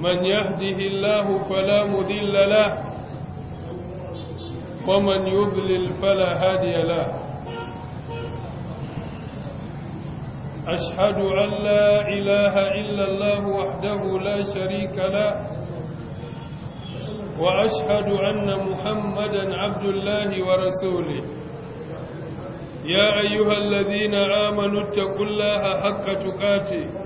من يهده الله فلا مذل له ومن يضلل فلا هادي له أشهد أن لا إله إلا الله وحده لا شريك له وأشهد أن محمدا عبد الله ورسوله يا أيها الذين آمنوا اتقوا الله حق تقاته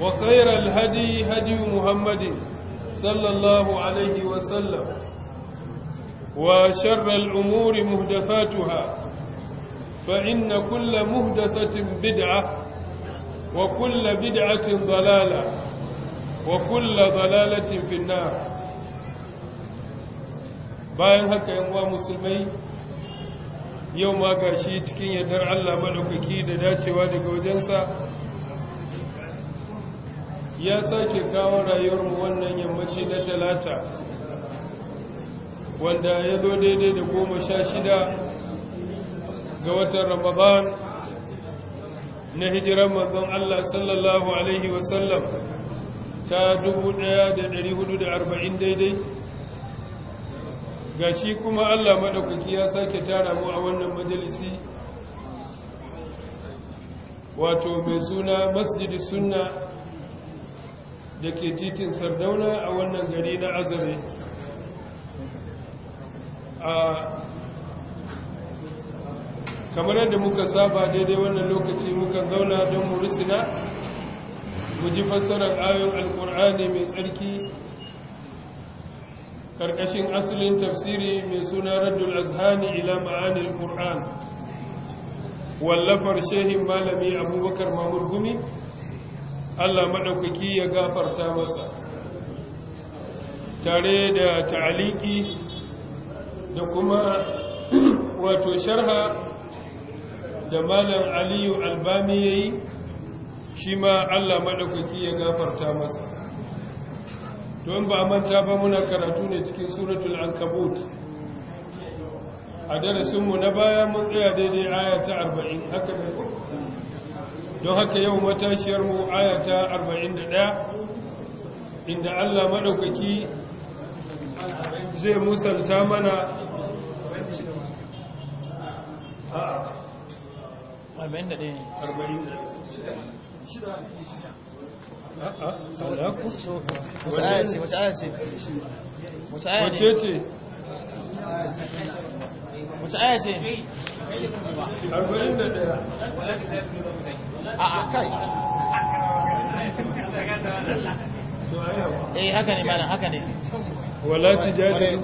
وخير الهدي هدي محمد صلى الله عليه وسلم وشر الأمور مهدفاتها فإن كل مهدفة بدعة وكل بدعة ضلالة وكل ضلالة في النار bayan haka yan uwa musulmai yau ma gashi cikin yadda Allah madaukaki da dacewa daga wajensa ya sake kawo rayuwarmu wannan yammaci na talata wanda ya zo daidai da goma sha shida ga watan ramadan na hijiran mazan Allah sallallahu Alaihi wasallam ta 1440 daidai ga shi kuma Allah maɗaukaki ya sake tara mu a wannan majalisi wato mai suna masjidi sunna da ke titin sardauna a wannan gari na azare kamar yadda muka saba daidai wannan lokaci muka zauna don murisina guji fassarar ayon alkur'ani mai tsarki Ƙarƙashin asalin tafsiri mai suna raddul azhani ila ma'anin qur'an wallafar shehin malami abubakar mamur Allah maɗaukaki ya gafarta masa tare da ta'aliki da kuma wato sharha da malam aliyu albami ya yi shi ma Allah maɗaukaki ya gafarta masa don ba manta ba muna karatu ne cikin suratul ankabut a darasinmu na baya mun tsaya daidai aya ta arba'in haka ne don haka yau matashiyar mu ayata 41 inda Allah madaukaki zai musanta mana wace ce wace aya ce kai eh haka ne mana haka ne wala tijadil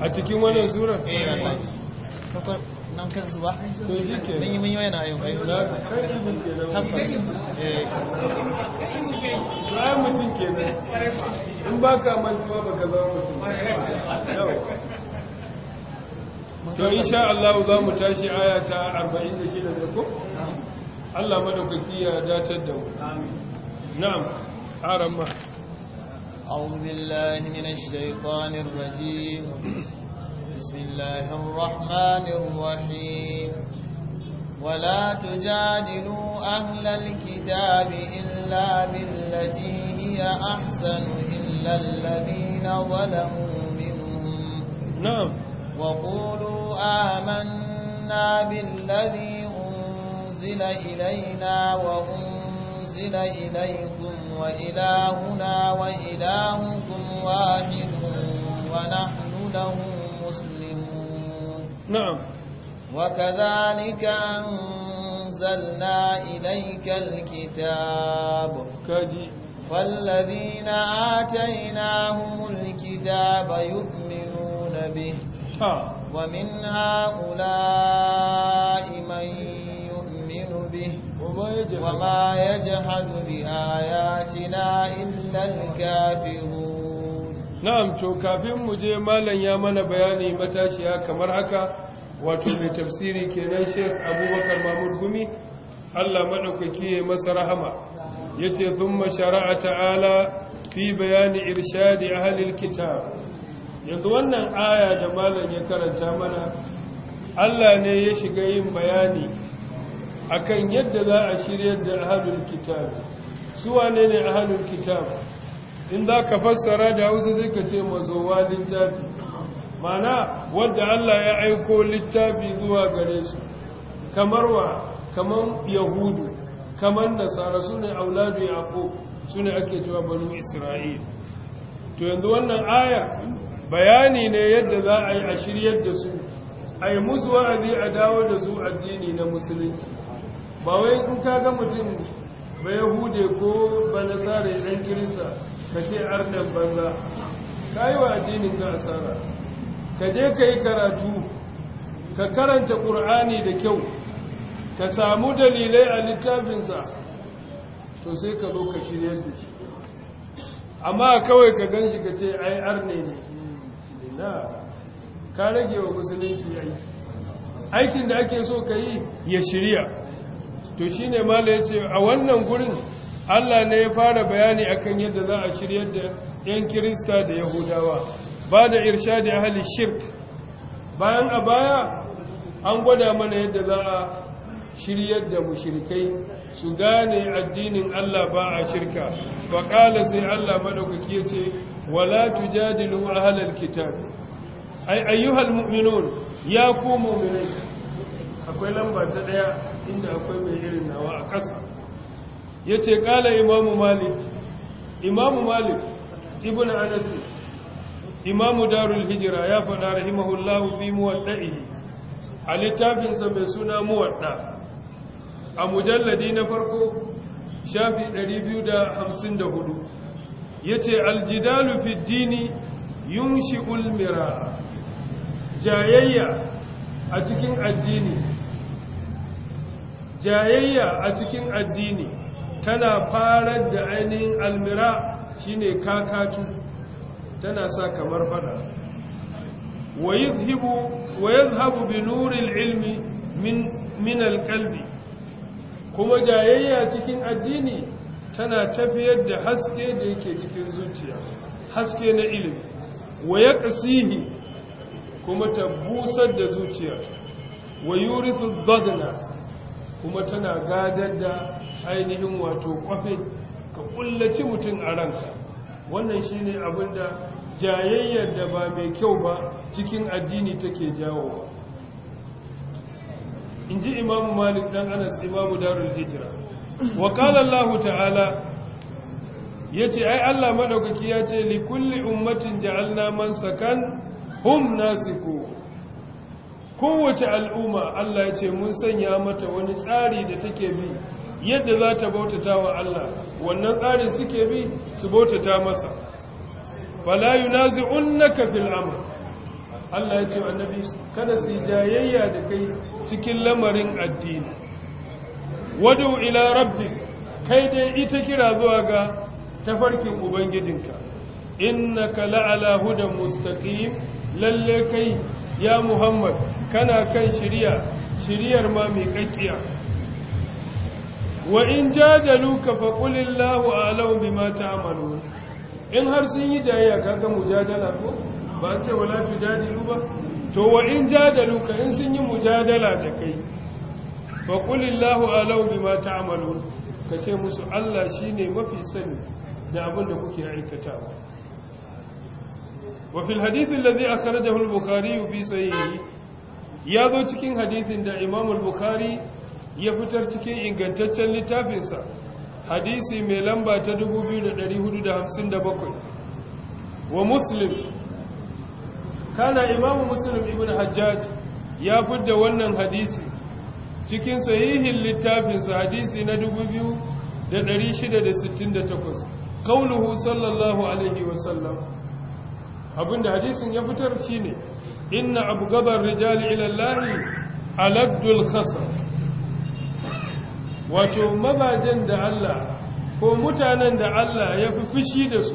a cikin wannan sura eh wallahi nan kan zuwa mun yi mun yi yana yau tabbas eh sai mutum kenan in baka mantuwa baka zama mutum to insha Allah za mu tashi aya ta 46 da ko Allah madaukaki ya dacar da mu na'am haram ma أعوذ بالله من الشيطان الرجيم بسم الله الرحمن الرحيم ولا تجادلوا أهل الكتاب إلا بالتي هي أحسن إلا الذين ظلموا منهم نعم وقولوا آمنا بالذي أنزل إلينا وأنزل إليكم وإلهنا وإلهكم واحد ونحن له مسلمون نعم وكذلك أنزلنا إليك الكتاب كجي فالذين آتيناهم الكتاب يؤمنون به ومن هؤلاء من ربه وما يجحد بآياتنا إلا الكافرون نعم تو كافين مجي مالا يا من بياني متاشيا كمر هكا wato mai tafsiri kenan Sheikh Abubakar Mahmud Gumi Allah madaukaki ya masa rahama yace thumma shara'a ta'ala fi bayani irshadi a halin alkitab yanzu wannan aya da malam ya karanta mana Allah ne ya shiga yin bayani akan yadda za a shiryar da ahalul kitab su wane ne ahalul kitab in za ka fassara da hausa zai ka ce mazowa littafi mana wadda Allah ya aiko littafi zuwa gare su kamar wa kamar yahudu kamar nasara su ne auladu yaƙo su ne ake cewa banu isra'il to yanzu wannan aya bayani ne yadda za a yi a shiryar da su a yi musu wa'azi a dawo da su addini na musulunci ba wai in ka ga mutum ba hude ko ba na tsara idan kirista ka ce arnan banza ka yi wa addinin ka asara ka je ka yi karatu ka karanta ƙur'ani da kyau ka samu dalilai a littafinsa to sai ka zo ka shirya da shi amma kawai ka gan shi ka ce ai arne ne na ka rage wa musulunci aiki aikin da ake so ka yi ya shirya to shine mala ce a wannan gurin Allah ne ya fara bayani akan yadda za a shiryar da ‘yan Kirista da Yahudawa ba da irshadi hali shirk bayan a baya an gwada mana yadda za a shiryar da mushrikai su gane addinin Allah ba a shirka ba ƙala sai Allah maɗaukaki ya ce wala tujadilu ahalar kitab ay ayyuhal mu'minun ya ku mu'minai akwai lamba ta daya inda akwai mai irin nawa a ƙasa ya ce ƙala imamu malik imamu malik ibn anas imamu darul hijira ya faɗa rahimahullahu fi muwadda'ihi a littafinsa mai suna muwadda a mujalladi na farko shafi 254 ya ce aljidalu fi dini yun shi ulmira jayayya a cikin addini jayayya a cikin addini tana farar da ainihin almira shine kakatu tana sa kamar fada wa bi nuril ilmi min min kuma jayayya cikin addini tana tafiyar da haske da yake cikin zuciya haske na ilimi wa yaqsihi kuma ta busar da zuciya wa yurithu dhadna kuma tana gadar da ainihin wato kwafe ka kullaci mutum a ranka wannan shine abin da jayayyar da ba mai kyau ba cikin addini take jawo in ji imamu malik dan anas imamu darul hijira wa qala allah ta'ala ya ce, ai allah ya yace li kulli ummatin ja'alna man sakan hum nasiku kowace al'umma Allah ya ce mun sanya mata wani tsari da take bi yadda za ta bautata wa Allah wannan tsarin suke bi su bautata masa fala yunazi'unka fil amr Allah ya ce annabi kada su jayayya da kai cikin lamarin addini wadu ila rabbik kai dai ita kira zuwa ga tafarkin ubangijinka innaka la'ala hudan mustaqim lalle kai ya muhammad kana kan shirya shiryar ma mai kakkiya wa in jadaluka fa qulillahu bi mata amalu in har sun yi jayayya kaga mujadala ko ba an ce wala tujadilu ba to wa in ka in sun yi mujadala da kai fa bi mata amalu Ka ce musu Allah shi ne mafi sani da abin da kuke aikatawa وفي الحديث الذي أخرجه البخاري في صحيحه ya zo cikin hadisin da imam al bukhari ya fitar cikin ingantaccen littafinsa hadisi mai lamba ta 2457 wa muslim kana imam muslim ibn hajjaj ya fidda wannan hadisi cikin sahihin littafinsa hadisi na 2668 kauluhu sallallahu alaihi wa sallam. abinda hadisin ya fitar shi shine inna abu gabar rijali ilallahi alabdul khasar wato mabajen da Allah ko mutanen da Allah ya fi fushi da su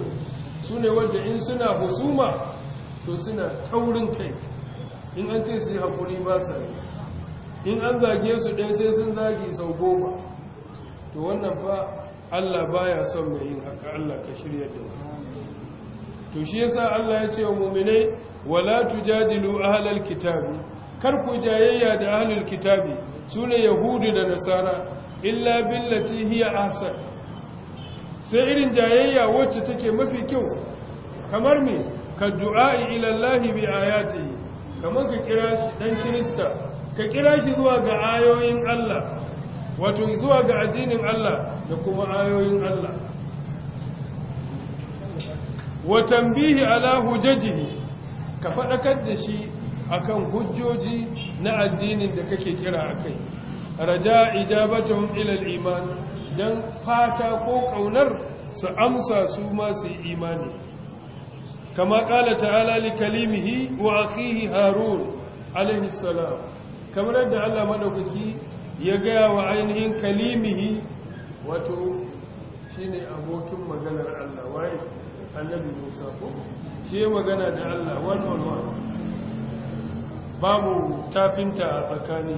su ne wanda in suna husuma to suna taurin kai in an ce su yi haƙuri ba sa ne. in an zage su ɗan sai sun zage sau goma to wannan fa Allah baya son mai yin haka Allah ka shirya da to shi yasa Allah ya ce wa mu'minai wala tujadilu ahlal kitabi kar ku jayayya da ahlul kitabi sune yahudu da nasara illa billati hiya ahsan sai irin jayayya wacce take mafi kyau kamar me ka du'a'i ila Allah bi ayatihi kamar ka kira shi dan kirista ka kira shi zuwa ga ayoyin Allah wato zuwa ga addinin Allah da kuma ayoyin Allah Watan tambihi ala hujajihi ka faɗakar da shi akan hujjoji na addinin da kake kira akai raja ijabatuhum ila al-iman dan fata ko ƙaunar su amsa su ma su imani kama kala ta'ala li kalimihi wa akhihi harun alaihi salam kamar yadda Allah madaukaki ya gaya wa ainihin kalimihi wato shine abokin maganar Allah waye annabi musa ko shi magana da allah Wani on babu tafinta a tsakani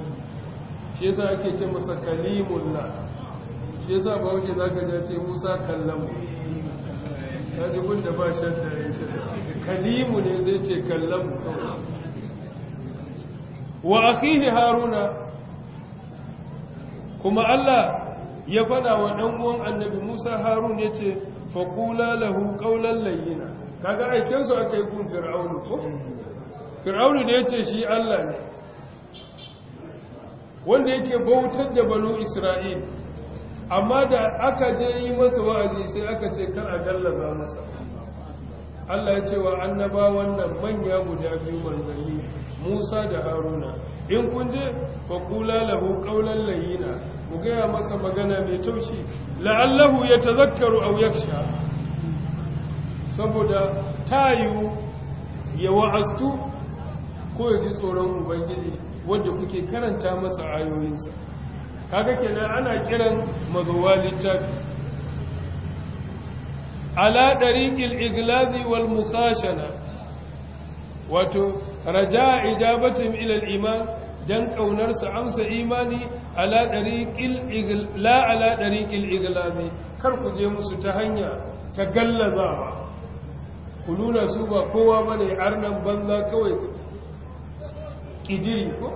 shi yasa ake ce masa kalimullah shi yasa ba wuce za ka ce musa kallamu kaji kun da ba da ya ce kalimu ne zai ce kallamu kawai wa akhihi haruna kuma allah ya fada wa ɗan'uwan annabi musa harun ya ce faƙula lahu ƙaunar layyina kaga aikinsu aka yi kun fir'aunu ko fir'aunu ne ce shi allah ne wanda yake bautar da banu isra'il amma da aka je yi masa wa'azi sai aka ce kan a gallaba masa allah ya ce wa annabawan nan manya guda biyu manzanni musa da haruna in kun je fa kula lahu qawlan layyina ku gaya masa magana mai taushi la'allahu ya yatazakkaru aw yakhsha saboda tayu ya wa'astu ko ya ji tsoron ubangiji wanda kuke karanta masa ayoyinsa kaga kenan ana kiran mazuwa littafi ala dariqil iglazi wal musashana wato raja ijabatin ilal iman dan kaunar su amsa imani ala dariqil la ala dariqil iglami kar ku je musu ta hanya ta gallazawa ku nuna su ba kowa bane arnan banza kawai kidiri ko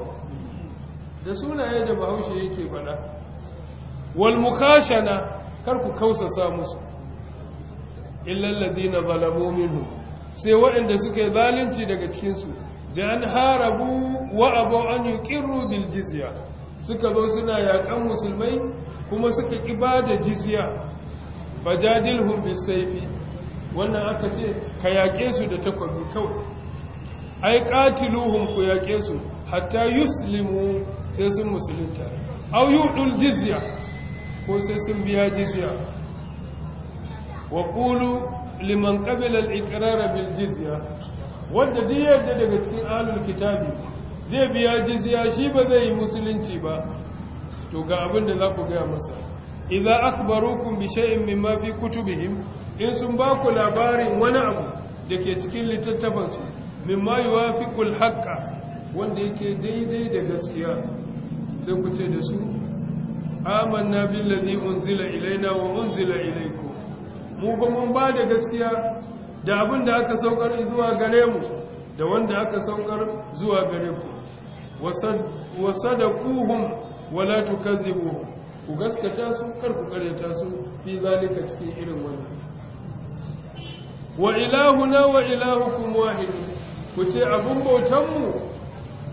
da sunaye da bahaushe yake fada wal mukhashana kar ku kausasa musu illal ladina zalamu minhum sai waɗanda suke zalunci daga cikinsu da an harabu wa abu an yi ƙirru bil jizya suka zo suna yaƙan musulmai kuma suka ƙi ba da jizya fajadil hun saifi wannan aka ce ka yaƙe su da takwabi kawai ai ƙatiluhun ku yaƙe su hatta yuslimu sai sun musulunta au yudul jizya ko sai sun biya jizya wa qulu liman ƙabilar al bil jizya wanda duk yadda daga cikin alul kitabi zai biya jiziya shi ba zai yi musulunci ba to ga abin da za ku gaya masa idza akhbarukum bi shay'in mimma fi kutubihim in sun ba ku labarin wani abu dake cikin littattafan su mimma yuwafiqu al wanda yake daidai da gaskiya sai ku ce da su amanna billazi unzila ilaina wa unzila ilaykum mu ba mun ba da gaskiya da abin da aka saukar zuwa gare mu da wanda aka saukar zuwa gare ku kuhun wala tukadhibuhum ku gaskata su kar ku karyata su fi zalika cikin irin wannan wa ilahuna wa ilahukum wahid ku ce abun bautan mu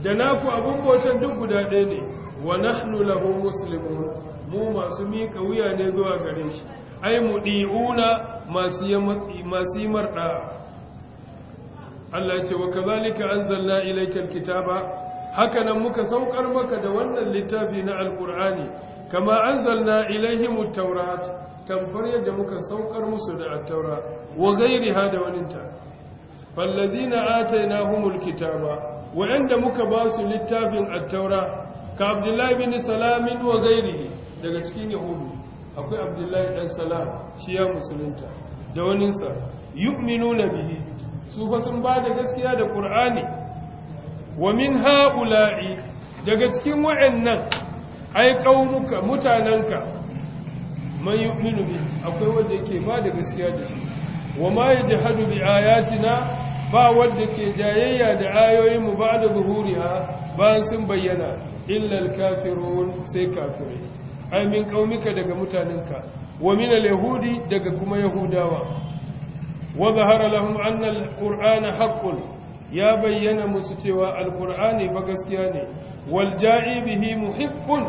da naku abun bautan duk guda ɗaya ne wa nahnu lahu muslimun mu masu mika wuya ne zuwa gare shi ai muɗiuna masu yi marɗa Allah ce wa kazalika anzalna ilayka alkitaba haka nan muka saukar maka da wannan littafi na alkur'ani kama anzalna ilaihim at-taurat kamfar yadda muka saukar musu da at-taura wa ha da waninta falladina atainahumul kitaba wa inda muka basu littafin attaura taura ka abdullahi bin salamin wa daga cikin yahudu akwai abdullahi ɗan sala shi ya musulunta da waninsa na bihi su fa sun ba da gaskiya da ƙur'ani? wa min haula'i daga cikin wa'annan ai ƙaunuka mutananka man yu'minu bi akwai wanda yake ba da gaskiya da shi wa ma hadu bi ayatina ba wanda ke jayayya da ayoyin mu ba da zuhuriha ba sun bayyana illar kafirun sai kafirai Amin min daga mutanenka wa min al-yahudi daga kuma yahudawa wa zahara lahum anna al-qur'ana haqqun ya bayyana musu cewa al-qur'ani fa gaskiya ne wal ja'i bihi muhibbun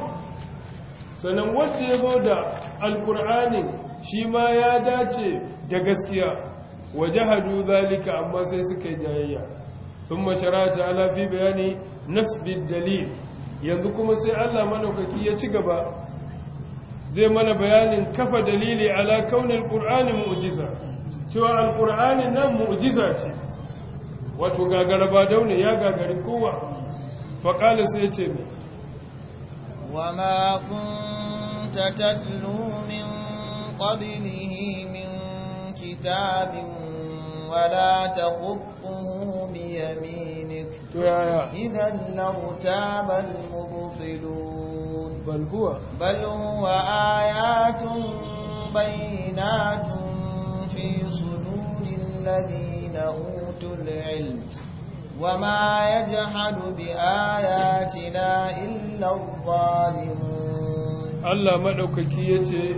sanan wanda yabo da al-qur'ani shi ma ya dace da gaskiya wajahadu zalika amma sai suka yi jayayya thumma shara ala fi bayani nasbid dalil yanzu kuma sai Allah madaukaki ya ci gaba zai mana bayanin kafa dalili ala kaunin ƙur'ani mu'ujiza cewa alƙur'ani nan mu'ujiza ce wato gagara ba daune ya gagari kowa faƙalis sai ce mai wa ma ta tatlu min min kitabin wala taqutuhu bi yaminik idan lartaba al-mubtilun بل هو بل هو آيات بينات في صدور الذين أوتوا العلم وما يجحد بآياتنا إلا الظالمون الله مدوككيته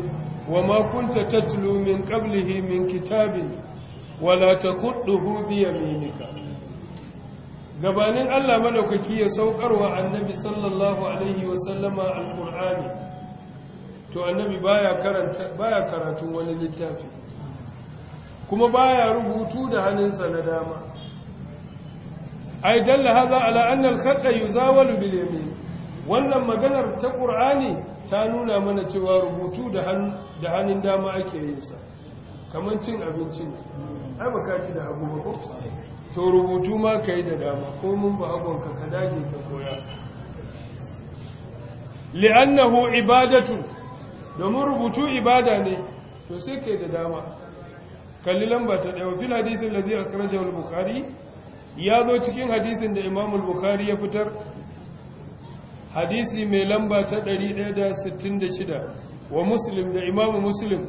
وما كنت تتلو من قبله من كتاب ولا تخطه بيمينك gabanin Allah madaukaki ya saukarwa annabi sallallahu alaihi wasallama alqur'ani to annabi baya karanta karatun wani littafi kuma baya rubutu da hannunsa na dama ai dalla haza ala anna al yuzawalu bil yamin wannan maganar ta qur'ani ta nuna mana cewa rubutu da da hannun dama ake yin sa kaman cin abinci ai baka da abubuwa. to rubutu ma ka yi da dama ko mun ba agonka ka dage ka koya li'annahu ibadatu domin rubutu ibada ne to sai ka yi da dama kalli lamba ta ɗaya fil hadisin da zai akarajar al-bukhari ya zo cikin hadisin da imam al-bukhari ya fitar hadisi mai lamba ta 166 wa muslim da imam muslim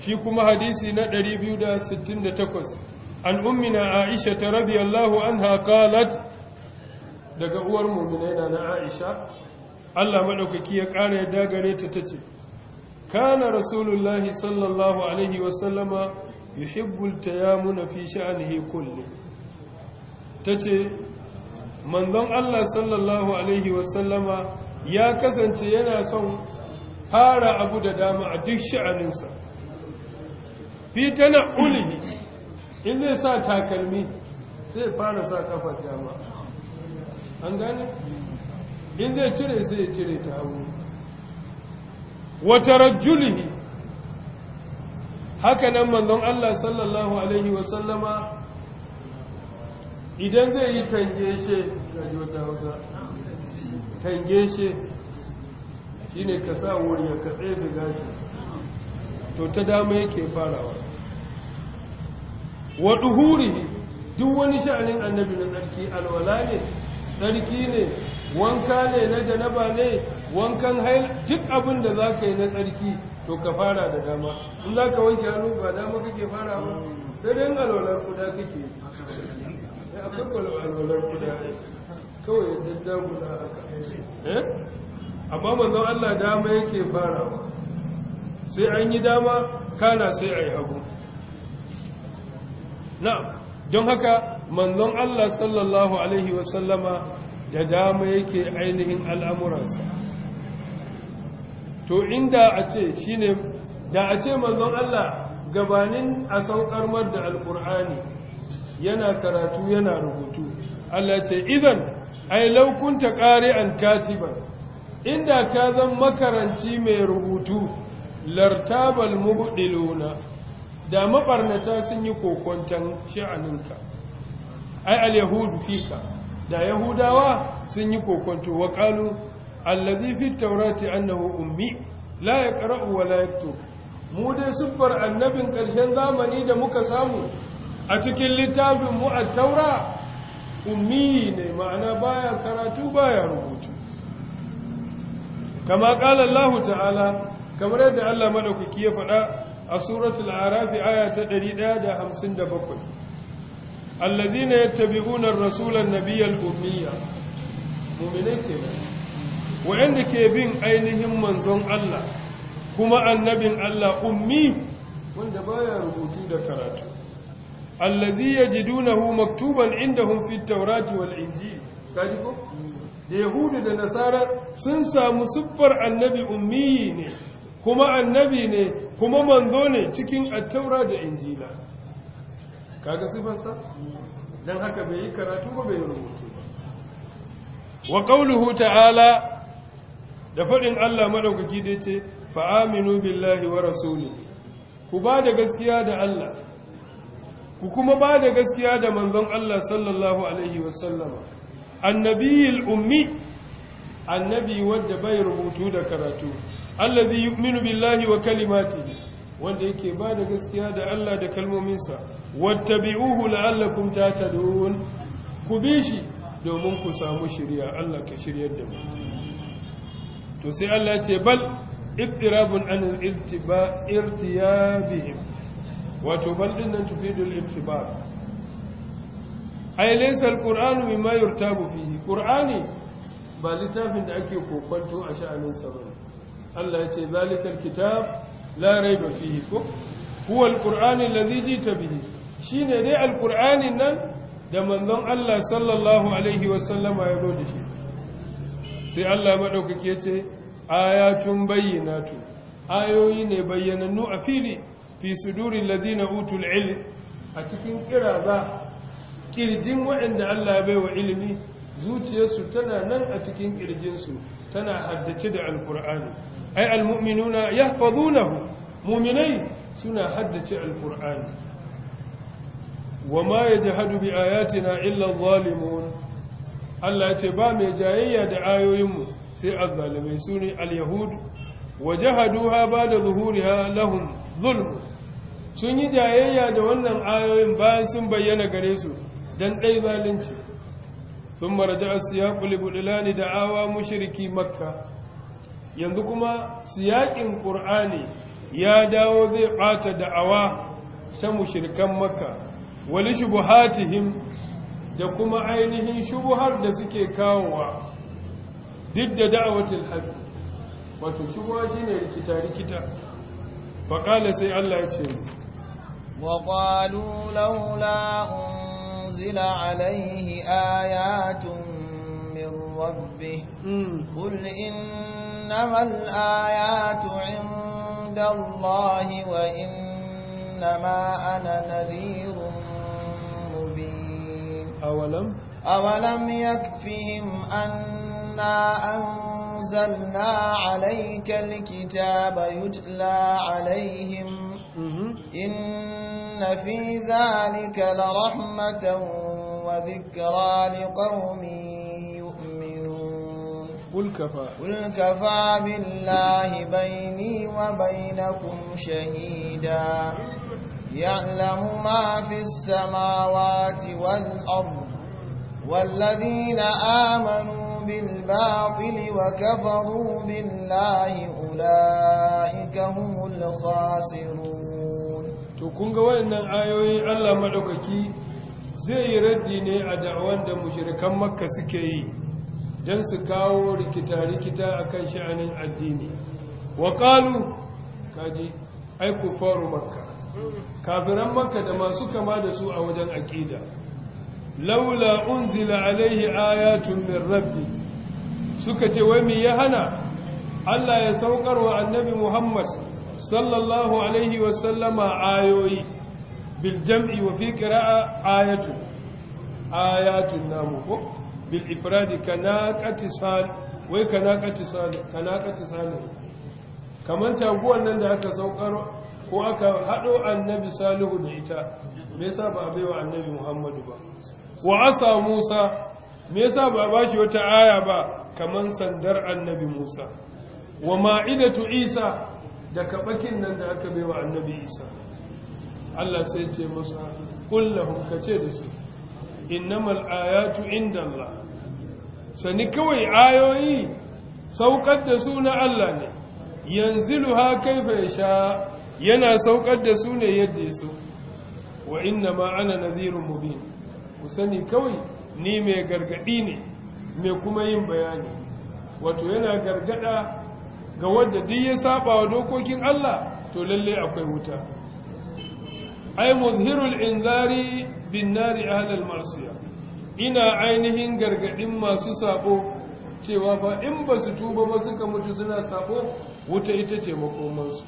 shi kuma hadisi na 268 an ummina aisha ta radiyallahu anha qalat daga uwar mu'minai na aisha Allah maɗaukaki ya ƙara ya gare ta ta ce kana rasulullahi sallallahu alaihi wasallama ya muna fi kulle ta tace manzon Allah sallallahu alaihi wasallama ya kasance yana son fara abu da dama a duk sha'aninsa fi tana ulihi in zai sa takalmi zai fara sa kafar dama an gane in zai cire sai ya cire ta abu wata rajulihi haka nan manzon Allah sallallahu alaihi wasallama idan zai yi tangeshe gaji wata hausa tangeshe shine ka sa wuri ya katse da gashi to ta dama yake farawa waɗu huri duk wani sha'anin annabi na tsarki alwala ne tsarki ne wanka ne na janaba ne wankan hail duk abin da za ka yi na tsarki to ka fara da dama in za ka wanke hannu ba dama kake fara ba sai dai alwalar kuda kake ya eh, akwai alwalar kuda kawai ya daddamu na haka eh? amma manzon Allah dama yake fara. sai an yi dama kana sai a yi hagu na'am don haka manzon Allah sallallahu alaihi wasallama da dama yake ainihin al'amuransa to inda a ce shine da a ce manzon Allah gabanin a saukar mar da alkur'ani yana karatu yana rubutu Allah ce idan ai laukunta an katiban inda ka zan makaranci mai rubutu lartabal mubdiluna da mabarnata sun yi kokonton sha'aninka ai al-yahudu fika da yahudawa sun yi kokonto wa qalu allazi fi tawrati annahu ummi la yaqra'u wa la yaktub mu dai siffar annabin ƙarshen zamani da muka samu a cikin littafin mu at-taura ummi ne ma'ana baya karatu baya rubutu kama qala Allah ta'ala kamar yadda Allah madaukaki ya faɗa a suratul arafi aya ta 157 alladhina yattabi'una ar-rasula an-nabiyyal ummiya mu'minai kenan wa'anda ke bin ainihin manzon Allah kuma annabin Allah ummi wanda baya rubutu da karatu alladhi yajidunahu maktuban indahum fit tawrati wal injil kaji ko da da nasara sun samu siffar annabi ummi ne kuma annabi ne kuma manzo ne cikin attaura da injila kaga sifansa don haka bai yi karatu ba bai rubutu ba wa ƙauluhu ta'ala da faɗin Allah maɗaukaki da ce fa'aminu billahi wa rasuli ku ba da gaskiya da Allah ku kuma ba da gaskiya da manzon Allah sallallahu Alaihi wasallama annabiyil ummi annabi wanda bai rubutu da karatu allazi yu'minu billahi wa kalimatihi wanda yake ba da gaskiya da Allah da kalmominsa wattabi'uhu la'allakum tahtadun ku bi shi domin ku samu shiriya Allah ka shiryar da mu to sai Allah ce bal ibtirabun an irtiba irtiyabihim wato bal din nan tufidul ibtibar ay laysa alqur'anu mimma yurtabu fihi qur'ani ba littafin da ake kokonto a sha'anin sa Allah ya ce zalikal kitab la raiba fihi ko huwa alqur'ani allazi jita bihi shine dai alqur'anin nan da manzon Allah sallallahu alaihi wasallama ya zo da shi sai Allah madaukake ya ce ayatun bayyinatu ayoyi ne bayyanannu a fili fi sudurin ladina utul ilm a cikin za kirjin waɗanda Allah bai wa ilimi zuciyarsu tana nan a cikin kirjinsu tana haddace da alkur'ani ai almu'minuna yahfazunahu mu'minai suna haddace alqur'ani wama yajhadu bi ayatina illa adh-dhalimun Allah ce ba mai jayayya da ayoyinmu sai azzalimai sune al-yahud wajahaduha ba'da zuhuriha lahum zulm sun yi jayayya da wannan ayoyin bayan sun bayyana gare su dan dai zalunci ثم رجع السياق لبللان دعاوى مشركي Makka. yanzu kuma siyaƙin ƙur'ani ya dawo zai ɓata da'awa ta mushirkan maka wali shubuhatihim da kuma ainihin shubuhar da suke kawowa duk da da'awatul haƙi wato shi ne rikita-rikita faƙala sai Allah ya ce وقالوا لولا أنزل عليه آيات من إنما الآيات عند الله وإنما أنا نذير مبين أولم أولم يكفهم أنا أنزلنا عليك الكتاب يتلى عليهم إن في ذلك لرحمة وذكرى لقوم قل كفى قل كفى بالله بيني وبينكم شهيدا يعلم ما في السماوات والأرض والذين آمنوا بالباطل وكفروا بالله أولئك هم الخاسرون تكون قولنا آيوين الله ملوككي زي ردي ne a da'awan da mushrikan makka suke yi don su kawo rikita-rikita a kan sha'anin addini wa ƙalu kaji aiku faru makka kafiran maka da masu kama da su a wajen aƙida laula unzila alaihi ayatun min rabbi suka ce wai mai ya hana Allah ya saukar wa annabi Muhammad sallallahu alaihi wasallama ayoyi bil jam'i wa fi qira'a ayatun ayatun namu ko bil ifradi kanaqati sal wai kanaqati sal kanaqati sal kaman taguwan nan da aka saukar ko aka haɗo annabi salihu da ita me yasa ba bai wa annabi muhammadu ba wa asa musa me yasa ba a bashi wata aya ba kaman sandar annabi musa wa ma'idatu isa da kabakin nan da aka bai wa annabi isa Allah sai ce musa kullahum kace da su innamal ayatu Allah. sani kawai ayoyi saukar da su na Allah ne yanzu ha ya sha yana saukar da su ne yadda ya so wa inna ma ana nazirun mubin ku sani kawai ni mai gargadi ne mai kuma yin bayani wato yana gargada ga wadda duk ya saba wa dokokin Allah to lalle akwai wuta ay muzhirul inzari bin nari ahlal ma'siyah ina ainihin gargadin masu sabo cewa fa in ba su tuba ba suka mutu suna sabo wuta ita ce makomansu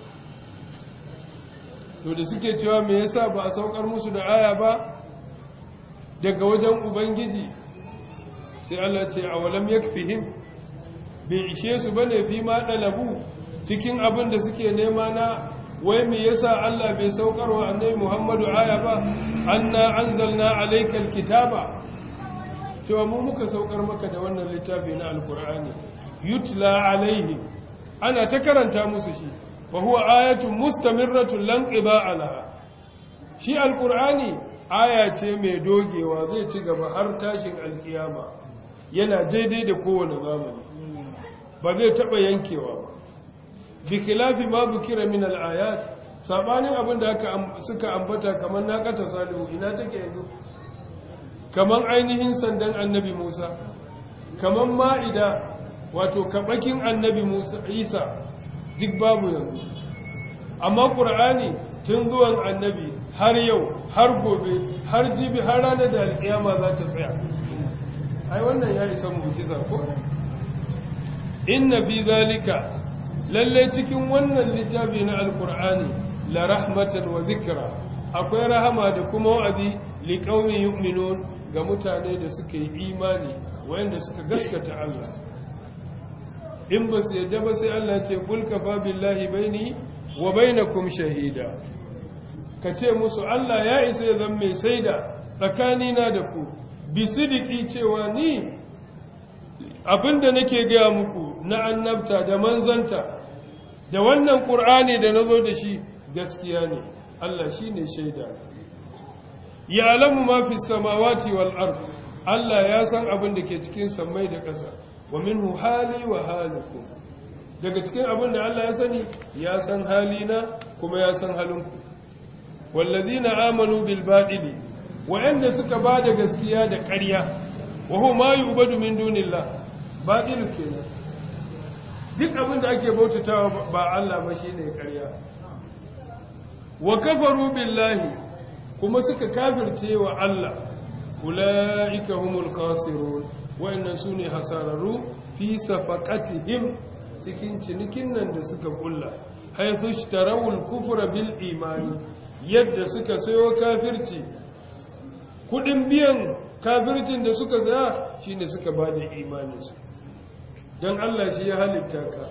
to da suke cewa me yasa ba a saukar musu da aya ba daga wajen ubangiji sai Allah ce a walam yakfihim bai ishe su ba ne fi ma ɗalabu cikin abin da suke nema na wai me yasa Allah bai saukar wa annabi Muhammadu aya ba anna anzalna alaikal kitaba cewa mu muka saukar maka da wannan littafi na alkur'ani yutla alaihi ana ta karanta musu shi wa huwa ayatun mustamirratun lan qiba'ala shi alkur'ani aya ce mai dogewa zai ci gaba har tashin alkiyama yana daidai da kowane zamani ba zai taba yankewa ba bi khilafi ma bukira min alayat sabanin abinda suka ambata kamar na kata salihu ina take yanzu kamar ainihin sandan annabi musa kamar ma'ida wato kabakin annabi musa isa duk babu yanzu amma ƙur'ani tun zuwan annabi har yau har gobe har jibi har ranar da alƙiyama za ta tsaya ai wannan ya isa mu'jiza ko na fi zalika lallai cikin wannan littafi na Alƙur'ani, la rahmatan wa zikira, akwai rahama da kuma wa'azi liqaumin yu'minun ga mutane da suka yi imani wayanda suka gaskata Allah in ba su yadda ba sai Allah ce kulka fa billahi baini wa bainakum shahida ka ce musu Allah ya isa ya zama mai saida tsakanina da ku bi sidiki cewa ni abinda nake gaya muku na annabta da manzanta da wannan qur'ani da nazo da shi gaskiya ne Allah shine shaida ya'lamu ma fi samawati wal ard Allah ya san abin da ke cikin samai da ƙasa wa minhu hali wa halikum daga cikin abin da Allah ya sani ya san halina kuma ya san halinku walladina amanu bil Wa wa'anda suka ba da gaskiya da ƙarya wa hu ma yu'badu min dunillah ke kenan duk abin da ake bautatawa ba Allah ba shine ƙarya wa kafaru billahi kuma suka kafirce wa Allah ula'ika humul khasirun wayannan sune hasararru fi safaqatihim cikin cinikin nan da suka kulla haythu ishtarawul kufra bil imani yadda suka sayo kafirci kudin biyan kafircin da suka saya shine suka bada imanin su dan Allah shi ya halitta ka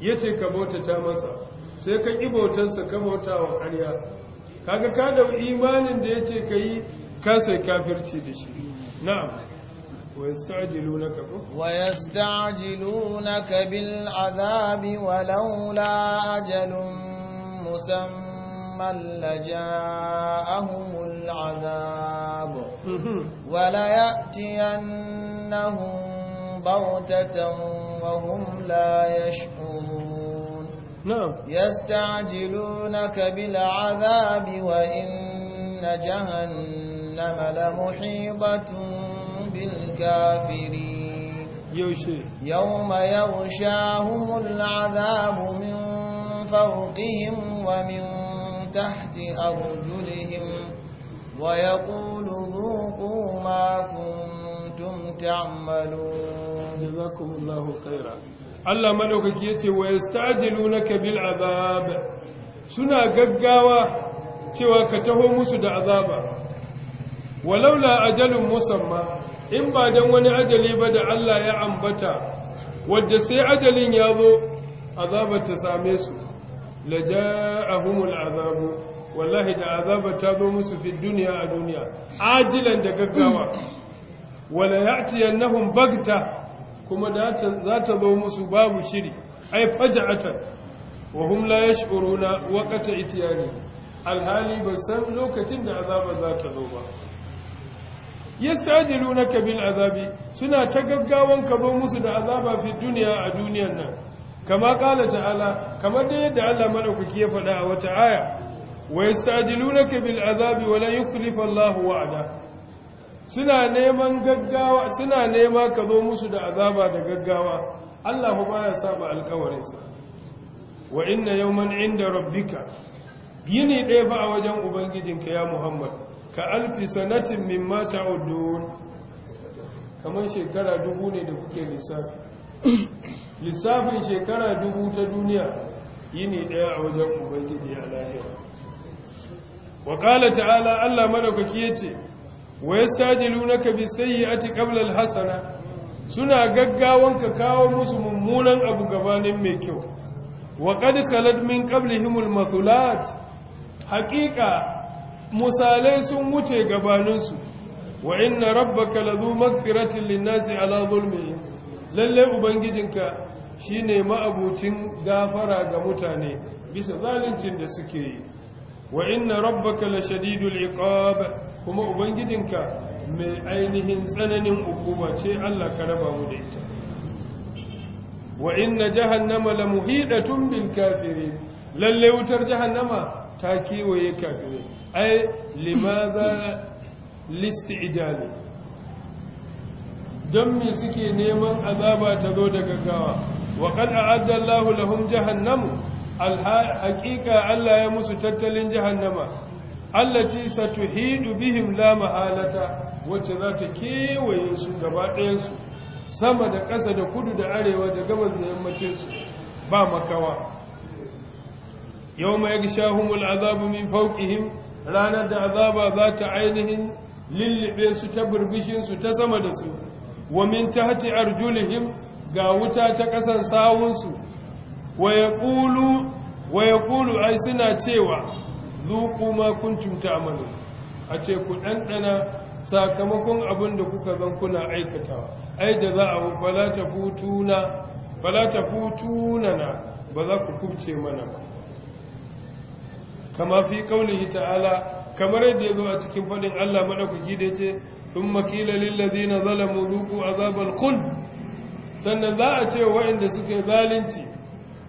yace ka ta masa sai ka ibautansa ka wa ƙarya kaga ka da imanin da yace kai ka sai kafirci da shi na'am ويستعجلونك ويستعجلونك بالعذاب ولولا أجل مسمى لجاءهم العذاب وليأتينهم بغتة وهم لا يشعرون نعم يستعجلونك بالعذاب وإن جهنم لمحيطة بالكافرين يوم يغشاهم العذاب من فوقهم ومن تحت أرجلهم ويقول ذوقوا ما كنتم تعملون جزاكم الله خيرا Allah ya ce wa yastajilunaka kabil azab suna gaggawa cewa ka taho musu da azaba walaula ajalin musamma in ba dan wani ajali ba da Allah ya ambata wadda sai ajalin ya zo azabar ta same su laja'ahumul azabu wallahi da azabar ta zo musu fi duniya a duniya ajilan da gaggawa wala ya'tiyannahum bagta kuma za ta zo musu babu shiri ai faja'atan wa hum la yash'uruna waqata itiyani alhali ba san lokacin da azaba za ta zo ba yastajilunaka bil azabi suna ta gaggawan ka zo musu da azaba fi a duniyar nan kama kala ta'ala kamar da yadda Allah madaukaki ya faɗa a wata aya wa yastajilunaka bil azabi wa la yukhlifu Allahu wa'ada suna neman gaggawa suna nema ka zo musu da azaba da gaggawa Allah ba ya saba alkawarinsa wa inna yawman inda rabbika yini ɗaya fa a wajen ubangijinka ya muhammad ka alfi sanatin mimma ta'udun kamar shekara dubu ne da kuke lissafi lissafin shekara dubu ta duniya yini ɗaya a wajen ubangiji a lahira wa ta'ala Allah madaukaki yace wa yastajilunaka bi sayyi'ati qabla al-hasana suna gaggawan ka kawo musu mummunan abu gabanin mai kyau wa qad khalat ƙabli himul al-mathulat musalai sun wuce gabaninsu. wa inna rabbaka ladhu maghfiratin lin-nasi ala lalle ubangijinka shine ma'abucin gafara ga mutane bisa zaluncin da suke yi wa inna rabbaka lashadidul iqab kuma ubangijinka mai ainihin tsananin ukuba ce Allah ka raba mu da ita wa inna jahannama la muhidatun bil kafirin lalle wutar jahannama ta kiwaye kafirai ai limaza listijali don me suke neman azaba ta zo da gaggawa wa qad a'adda Allahu lahum jahannamu al haqiqa Allah ya musu tattalin jahannama allaci satuhidu bihim la ma'alata wacce za ta kewaye su gaba ɗayansu sama da ƙasa da kudu da arewa da gabas da yammacin su ba makawa Yau yawma yaghshahumul azabu min fauƙihim ranar da azaba za ta ainihin lillibe su ta burbishin su ta sama da su wa min ta hati arjulihim ga wuta ta ƙasan sawunsu wa ya Kulu ai suna cewa zuku ma cuta amalin a ce ku ɗanɗana sakamakon abin da kuka zan kuna aikatawa ai da za a fala futuna na ba za ku kubce mana ba kama fi qaulihi ta'ala kamar yadda ya zo a cikin faɗin Allah madaukaki da yace thumma qila lil ladina zalamu a azabal kun sannan za a ce waɗanda suka yi zalunci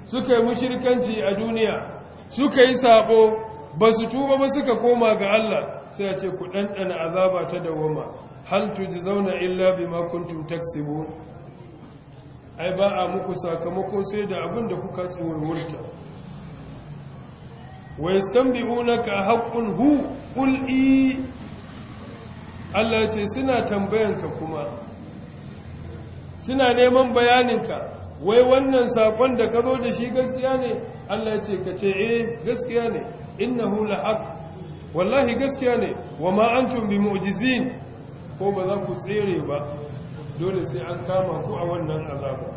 suka yi mushirkanci a duniya suka yi saɓo ba su tuba ba suka koma ga Allah sai a ce ku ɗanɗana azaba ta dawama hal zauna illa bi makuntun taksibu ai ba a muku sakamako sai da abin da kuka tsurwurta wa unaka haƙƙun hu ƙul'i Allah ce suna tambayanka kuma suna neman bayaninka wai wannan saƙon da ka zo da shi gaskiya ne Allah ce ka ce eh gaskiya ne innahu lahaq wallahi gaskiya ne wa ma antum bimu'jizin ko ba za ku tsere ba dole sai an kama ku a wannan azaba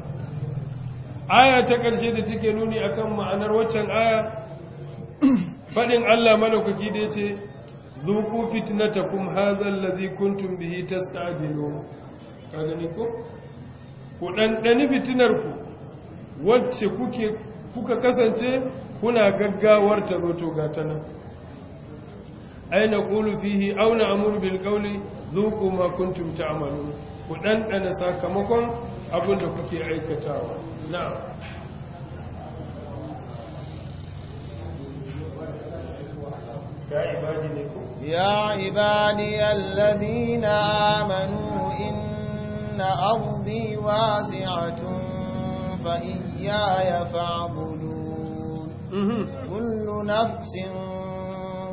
aya ta ƙarshe da take nuni akan ma'anar waccan aya fadin Allah malakuki da yace zuqu fitnatakum hadha alladhi kuntum bihi tasta'jilun ka gani ko ku dan dani fitinar ku wacce kuke kuka kasance kuna gaggawar ta roto ga ta nan aina kulu fihi auna na'muru bil qawli dhuqu ma kuntum ta'malun ku ɗanɗana sakamakon abin da kuke aikatawa na'am يا عبادي الذين آمنوا إن أرضي واسعة ya فاعبدون kullu nafsin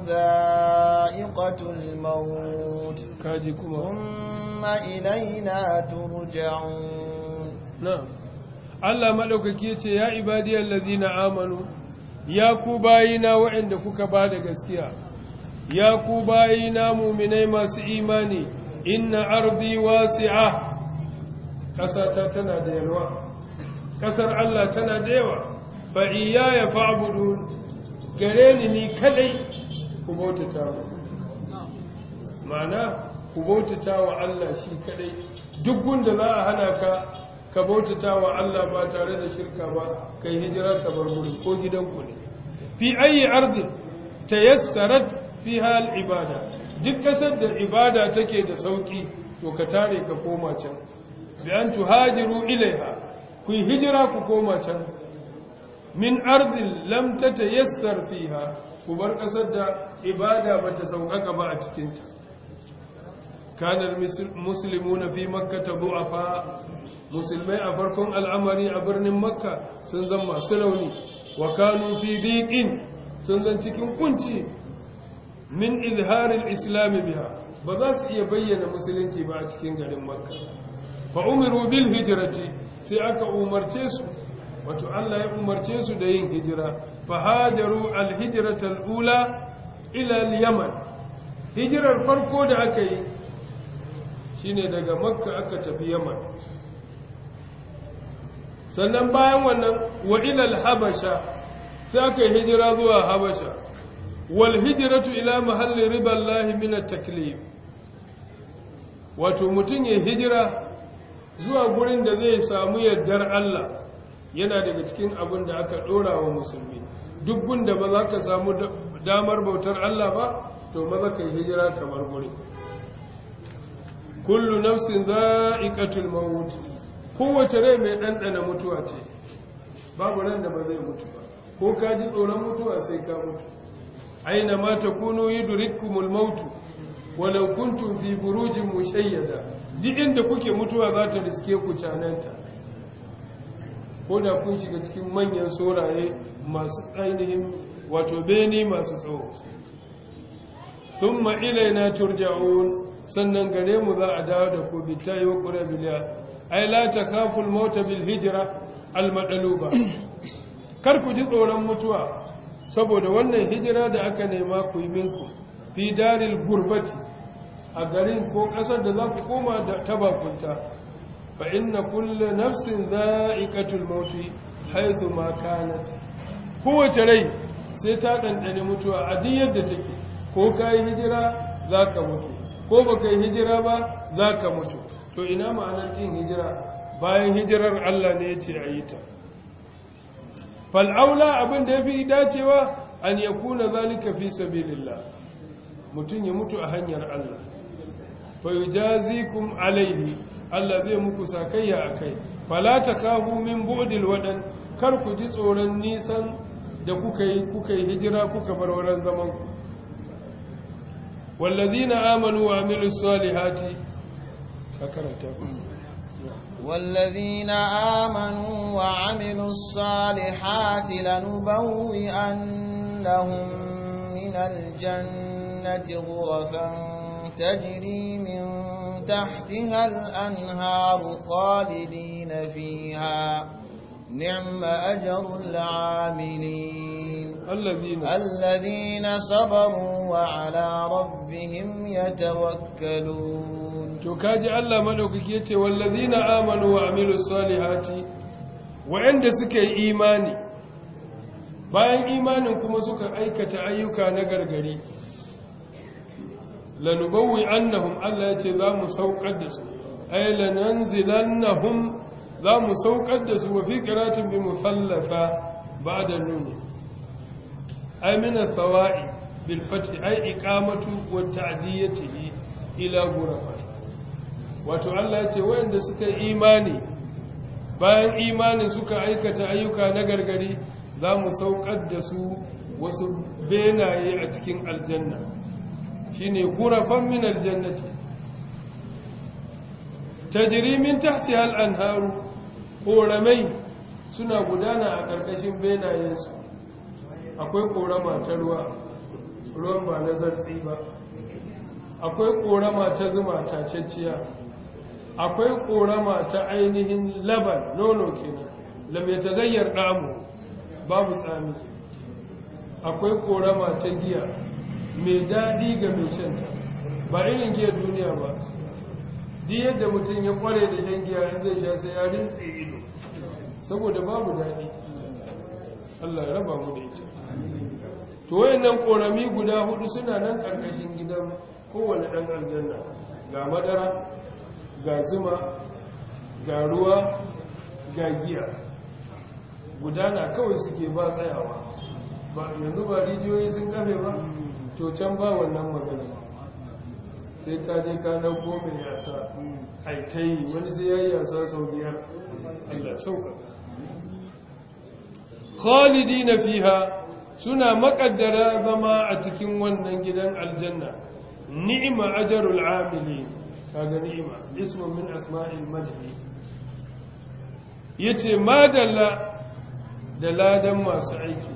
za'iqatul maut kaji kuma thumma na turja'un Allah maɗaukaki ce ya lazi na amanu ya ku bayina waɗanda kuka ba da gaskiya ya ku bayina muminai masu imani inna wasi a. ƙasa ta tana da yalwa ƙasar Allah tana da yawa fa iyaya fa'budun gare ni ni kadai ku bautata wa ma'ana ku bautata wa Allah shi kadai duk gunda za a hana ka ka bautata wa Allah ba tare da shirka ba kai hijira ka bar gurin ko gidanku ne fi ayi ardin tayassarat fi hal ibada duk kasar da ibada take da sauki to ka tare ka koma can bi an tuhajiru ilaiha ku hijira ku koma can min ardin lam tatayassar fiha ku bar ƙasar da ibada bata sauƙaƙa ba a cikinta kanar na fi makka tabu'afa musulmai a farkon al'amari a birnin makka sun zan masu rauni wa kanu fi biƙin sun zan cikin kunci min izharil islam biya, ba za su iya bayyana musulunci ba a cikin garin makka fa umiru bil hijrati sai aka umarce su wato Allah ya umarce su da yin hijira fa hajaru al-hijrata ula ila al-yaman hijirar farko da aka yi shine daga makka aka tafi yaman sannan bayan wannan wa ila al-habasha sai aka yi hijira zuwa habasha wal hijratu ila mahalli riballahi min at-taklif wato mutun ya hijira zuwa gurin da zai samu yardar Allah yana daga cikin abin da aka ɗora wa musulmi duk gunda ba za ka samu damar bautar Allah ba to maza ka hijira kamar guri kullu nafsin za'iqatul maut kowace rai mai ɗanɗana mutuwa ce babu ran da ba zai mutu ba ko ka ji tsoron mutuwa sai ka mutu aina ma takunu yudrikumul maut walau kuntum fi burujin mushayyada duk inda kuke mutuwa za ta riske ku cananta ko da kun shiga cikin manyan soraye masu ainihin wato beni masu tsawo sun ma'ilai na turja'un sannan gare mu za a dawo da ku bita yi wa kura biliya ai la ta kafin mota bil hijira ba. kar ku ji tsoron mutuwa saboda wannan hijira da aka nema ku yi minku fi daril gurbati a garin ko ƙasar da za ku koma da tabakunta fa inna kullu nafsin za'iqatul maut haythu ma kanat kowace rai sai ta dandane mutuwa a duk yadda take ko kai hijira zaka mutu ko baka yi hijira ba zaka mutu to ina ma'anar kin hijira bayan hijirar Allah ne ya ce a yi ta fal aula abin da yafi dacewa an yakuna zalika fi sabilillah mutun ya mutu a hanyar Allah fa yujazikum alaihi Allah zai muku sakayya a kai fala ta kafu min bu'dil wadan kar ku ji tsoron nisan da kuka yi kuka yi hijira kuka bar wurin zaman ku na amanu wa amilus salihati ka karanta والذين آمنوا وعملوا الصالحات لنبوئنهم من الجنة غرفا تجري من تحتها الأنهار خالدين فيها نعم أجر العاملين الذين, الذين صبروا وعلى ربهم يتوكلون تكاجي الله ملوكك يتي والذين آمنوا وعملوا الصالحات وعند سكي إيماني bayan imanin kuma suka aikata ayyuka na gargari lanubawi annahum Allah ya ce za mu saukar da su ai lananzilannahum za mu saukar da su wa fi qiratin bi mufallafa ba'da nun ai min as-sawa'i bil fath ai iqamatu wa ta'diyatihi ila ghurafa wato Allah ya ce wayanda suka imani bayan imanin suka aikata ayyuka na gargari za mu saukar da su wasu benaye a cikin aljanna shine kurafan min aljannati tajri min tahtiha al-anharu koramai suna gudana a ƙarƙashin benayensu akwai korama ta ruwa ruwan ba na zartsi ba akwai korama ta zuma ta cacciya. akwai korama ta ainihin laban nono kenan lamai ta zayyar damu babu tsami akwai korama ta giya mai daɗi ga mai shanta ba irin giya duniya ba duk yadda mutum ya kware da shan giya in zai sha sai ya rintse ido saboda babu daɗi Allah raba mu da ita to wayannan korami guda hudu suna nan ƙarƙashin gidan kowane ɗan aljanna ga madara ga zuma ga ruwa ga giya gudana kawai suke ba tsayawa ba yanzu ba rijiyoyi sun kafe ba to can ba wannan magana sai ka je ka dauko mai yasa aitai wani sai ya yi yasa sau biyar Allah sauka na fiha suna makaddara zama a cikin wannan gidan aljanna ni'ma ajrul amili kaga ni'ma ismun min asma'il majdi yace madalla da ladan masu aiki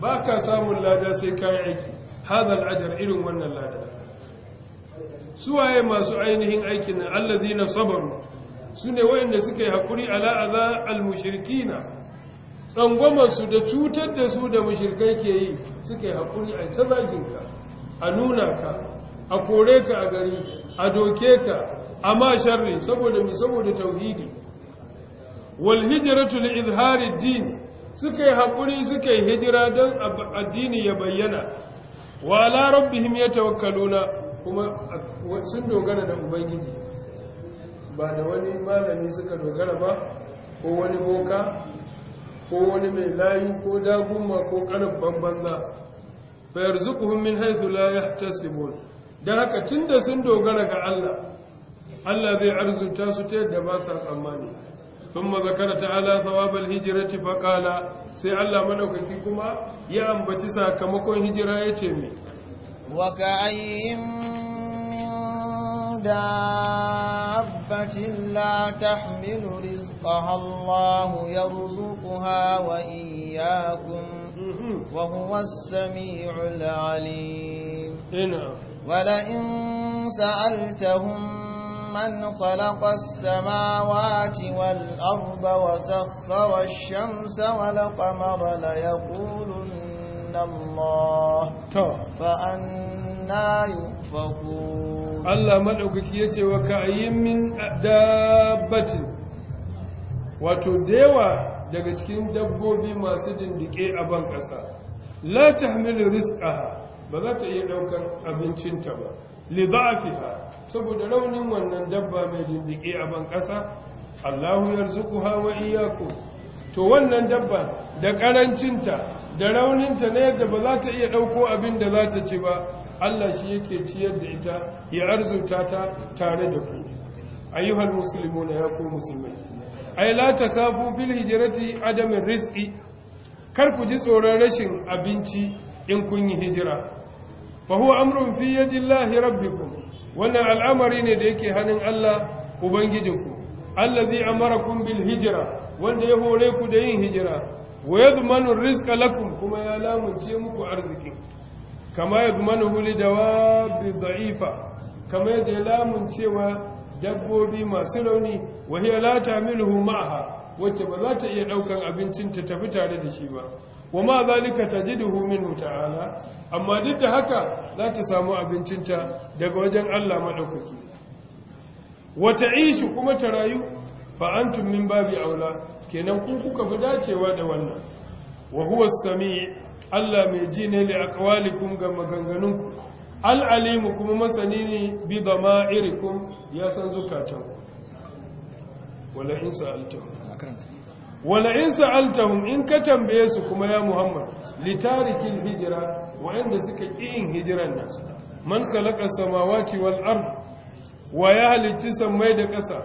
baka samun lada sai kayi aiki hadal ajar irin wannan lada suwaye masu ainihin aikin Allah allazina sabaru sune wayanda suka yi hakuri ala aza almushrikina tsangwamar su da cutar da su da mushrikai ke yi suka yi a tazagin ka a nuna ka a kore ka a gari a doke ka a ma sharri saboda mi saboda tauhidi wal hijratu li izhari din suka hijira don addini ya bayyana wa ala rabbihim yatawakkaluna kuma sun dogara da ubangiji ba da wani malami suka dogara ba ko wani boka ko wani mai layi ko dagumma ko karfan banza fa yarzuquhum min haythu la yahtasibun dan haka tunda sun dogara ga Allah Allah zai arzuta su ta yadda ba sa tsammani ثم ذكر تعالى ثواب الهجرة فقال سي الله ملوكك كما يا أنبتي ساكمكم هجرة يتمي وكأي من دابة لا تحمل رزقها الله يرزقها وإياكم وهو السميع العليم ولئن سألتهم من خلق السماوات والأرض وسخر الشمس والقمر ليقولن الله فأنا يؤفكون الله ملعك يتي وكأي من دابة wato dewa daga cikin dabbobi masu dindike a ban ƙasa la tahmilu rizqaha ba za ta iya daukar abincinta ba li saboda raunin wannan dabba mai dindike a ban kasa Allahu yarzuquha wa iyyakum to wannan dabba da karancinta da rauninta na yadda ba za ta iya ɗauko abin da za ta ci ba Allah shi yake ciyar da ita ya arzuta ta tare da ku ayyuhal muslimuna ya ku musulmai ay la takafu fil hijrati adamin rizqi kar ku ji tsoron rashin abinci in kun yi hijira amurin fi amrun fi lahi rabbiku wannan al'amari ne da yake hannun Allah ubangijinku allazi kun bil hijira wanda ya hore ku da yin hijira wa yadmanu riska lakun kuma ya lamunce muku arziki kama yadmanuhu li dawabi za'ifa, kama ya lamuncewa dabbobi masu rauni wa hiya la hu ma'aha wacce ba za ta iya ɗaukan abincin ta tafi tare da shi ba wa ma zalika tajiduhu minhu ta'ala amma duk da haka za ta samu abincinta daga wajen Allah madaukaki wa ta'ishu kuma ta rayu fa antum min babi aula kenan ku kuka fi dacewa da wannan wa huwa sami Allah mai ji ne li aqwalikum ga maganganunku al alimu kuma masani ne bi dama'irikum ya san zukatanku wala in sa'altum wala in sa'altahum in ka tambaye su kuma ya muhammad litarikin hijira waɗanda suka ƙiyin hijiran nan man khalaqa samawati wal ard wa ya halicci sammai da ƙasa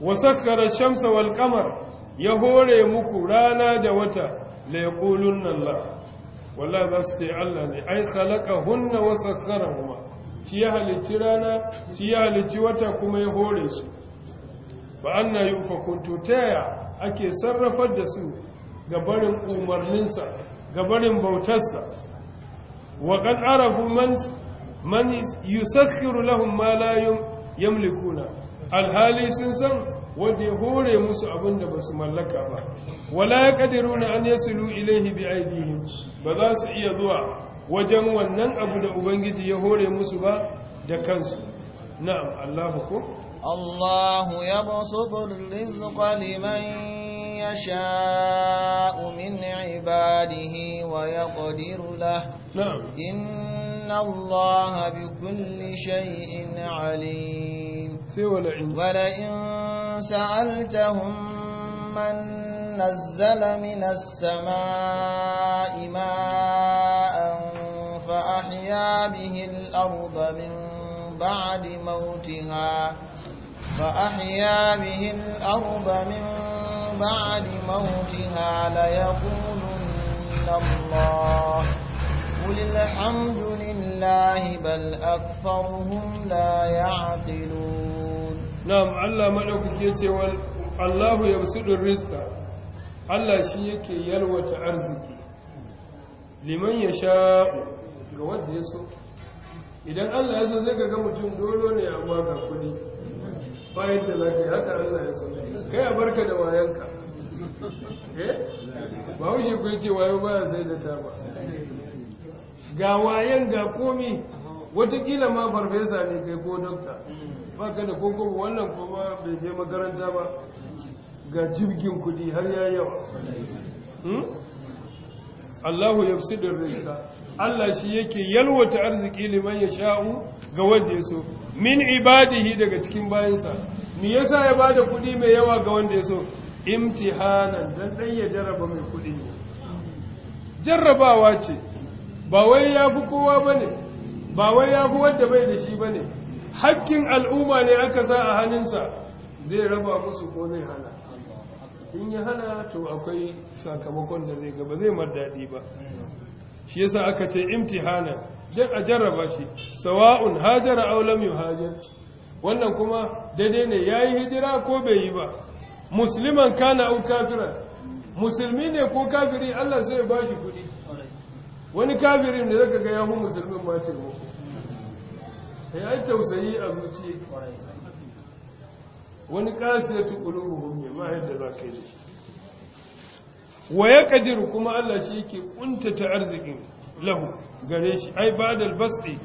wa sakkara shamsa wal qamar ya hore muku rana da wata la yaqulunna allah wallahi za su ce allah ne ai khalaqahunna wa sakkarahuma shi ya halicci rana shi ya halicci wata kuma ya hore su fa anna yufakun tutaya ake sarrafar da su ga barin umarninsa ga barin bautarsa wa kan arafu man yusakhiru lahum ma la yamlikuna alhali sun san wanda ya hore musu abin da basu mallaka ba wala yaqdiruna an yasilu ilaihi bi aidihim ba za su iya zuwa wajen wannan abu da ubangiji ya hore musu ba da kansu na'am allahu ko الله يبسط الرزق لمن يشاء من عباده ويقدر له نعم إن الله بكل شيء عليم ولئن سألتهم من نزل من السماء ماء فأحيا به الأرض من بعد موتها فأحيا به الأرض من بعد موتها ليقولن الله قل الحمد لله بل أكثرهم لا يعقلون نعم الله ملك كيتي والله يبسط الرزق الله شيك يلوة أرزقي liman ya sha'u ga wadda ya so idan allah ya so zai ga mutum dolo ne amma ga kudi ba da za haka Allah ya so kai a barka da wayanka eh ba wuce ku ce wayo baya sai da ta ba ga wayan ga komi watakila ma farfesa ne kai ko dokta ba ka da koko wannan kuma bai je makaranta ba ga jirgin kudi har ya yawa hmm? Allahu sidar rizka, Allah shi yake yalwata arziki liman ya sha'u, ga wanda ya so. min ibadihi daga cikin bayansa me yasa ya ba da kuɗi mai yawa ga wanda ya yaso imtihanan don ɗan ya jarraba mai kudi jarrabawa ce ba wai fi kowa ba ne, ba wai fi wanda bai da shi ba ne. hakkin al'umma ne aka sa a hannunsa zai raba musu ko zai hana in ya hana to akwai sakamakon da zai gaba zai mar daɗi ba shi yasa aka ce imtihana dan a jarraba shi sawa'un hajara aw lam Hajar. wannan kuma daidai ne ya yi hijira ko bai yi ba Musulman kana au kafiran musulmi ne ko kafiri Allah sai ya bashi kudi wani kafirin da zaka ga ya hu musulmin ma ce ko tausayi a zuci wani kasiyatu qulubuhum ne ma yadda za ka yi wa ya yaqdiru kuma Allah shi yake ta arzikin lahu gare shi ai badal albasti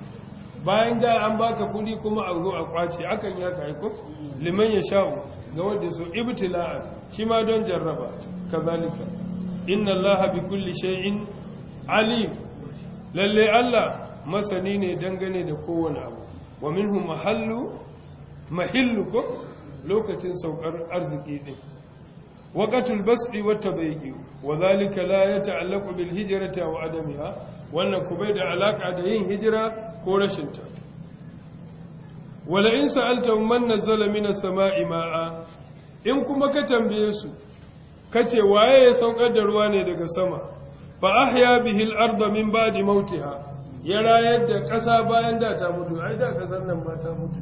bayan da an baka kudi kuma a zo a kwace akan ya kai ko liman ya sha'u ga wanda su Ibtila'a shi ma don jarraba zalika inna Laha bi kulli shay'in alim lalle Allah masani ne dangane da kowane abu wa minhu mahallu ko? lokacin saukar arziki ne waqatul basdi wa tabayyi wa zalika la ya ta'allaku bil hijirata wa adamiha wannan ku bai da alaka da yin hijira ko rashin ta wala in sa'alta man nazzala minas sama'i ma'a in kuma ka tambaye su kace waye ya saukar da ruwa ne daga sama fa ahya bihi al-ardha min ba'di mautiha ya rayar da ƙasa bayan da ta mutu ai da ƙasar nan ba ta mutu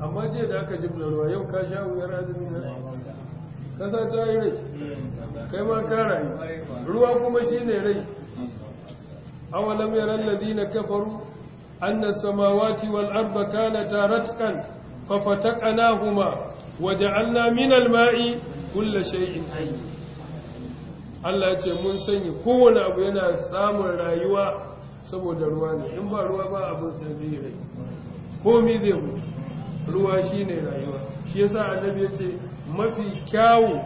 amma jiya da aka jibla ruwa yau ka sha wuyar azumi na kasa ta yi rai kai ma ka rayu ruwa kuma shi ne rai awalam yaran ladina kafaru anna samawati wal arda kanata ratqan fa fataqnahuma waja'alna min al ma'i shay'in hayy Allah ya ce mun sanya kowane abu yana samun rayuwa saboda ruwa ne in ba ruwa ba abin sai rai komi zai mutu ruwa shi ne rayuwa shi yasa annabi ya ce mafi kyawu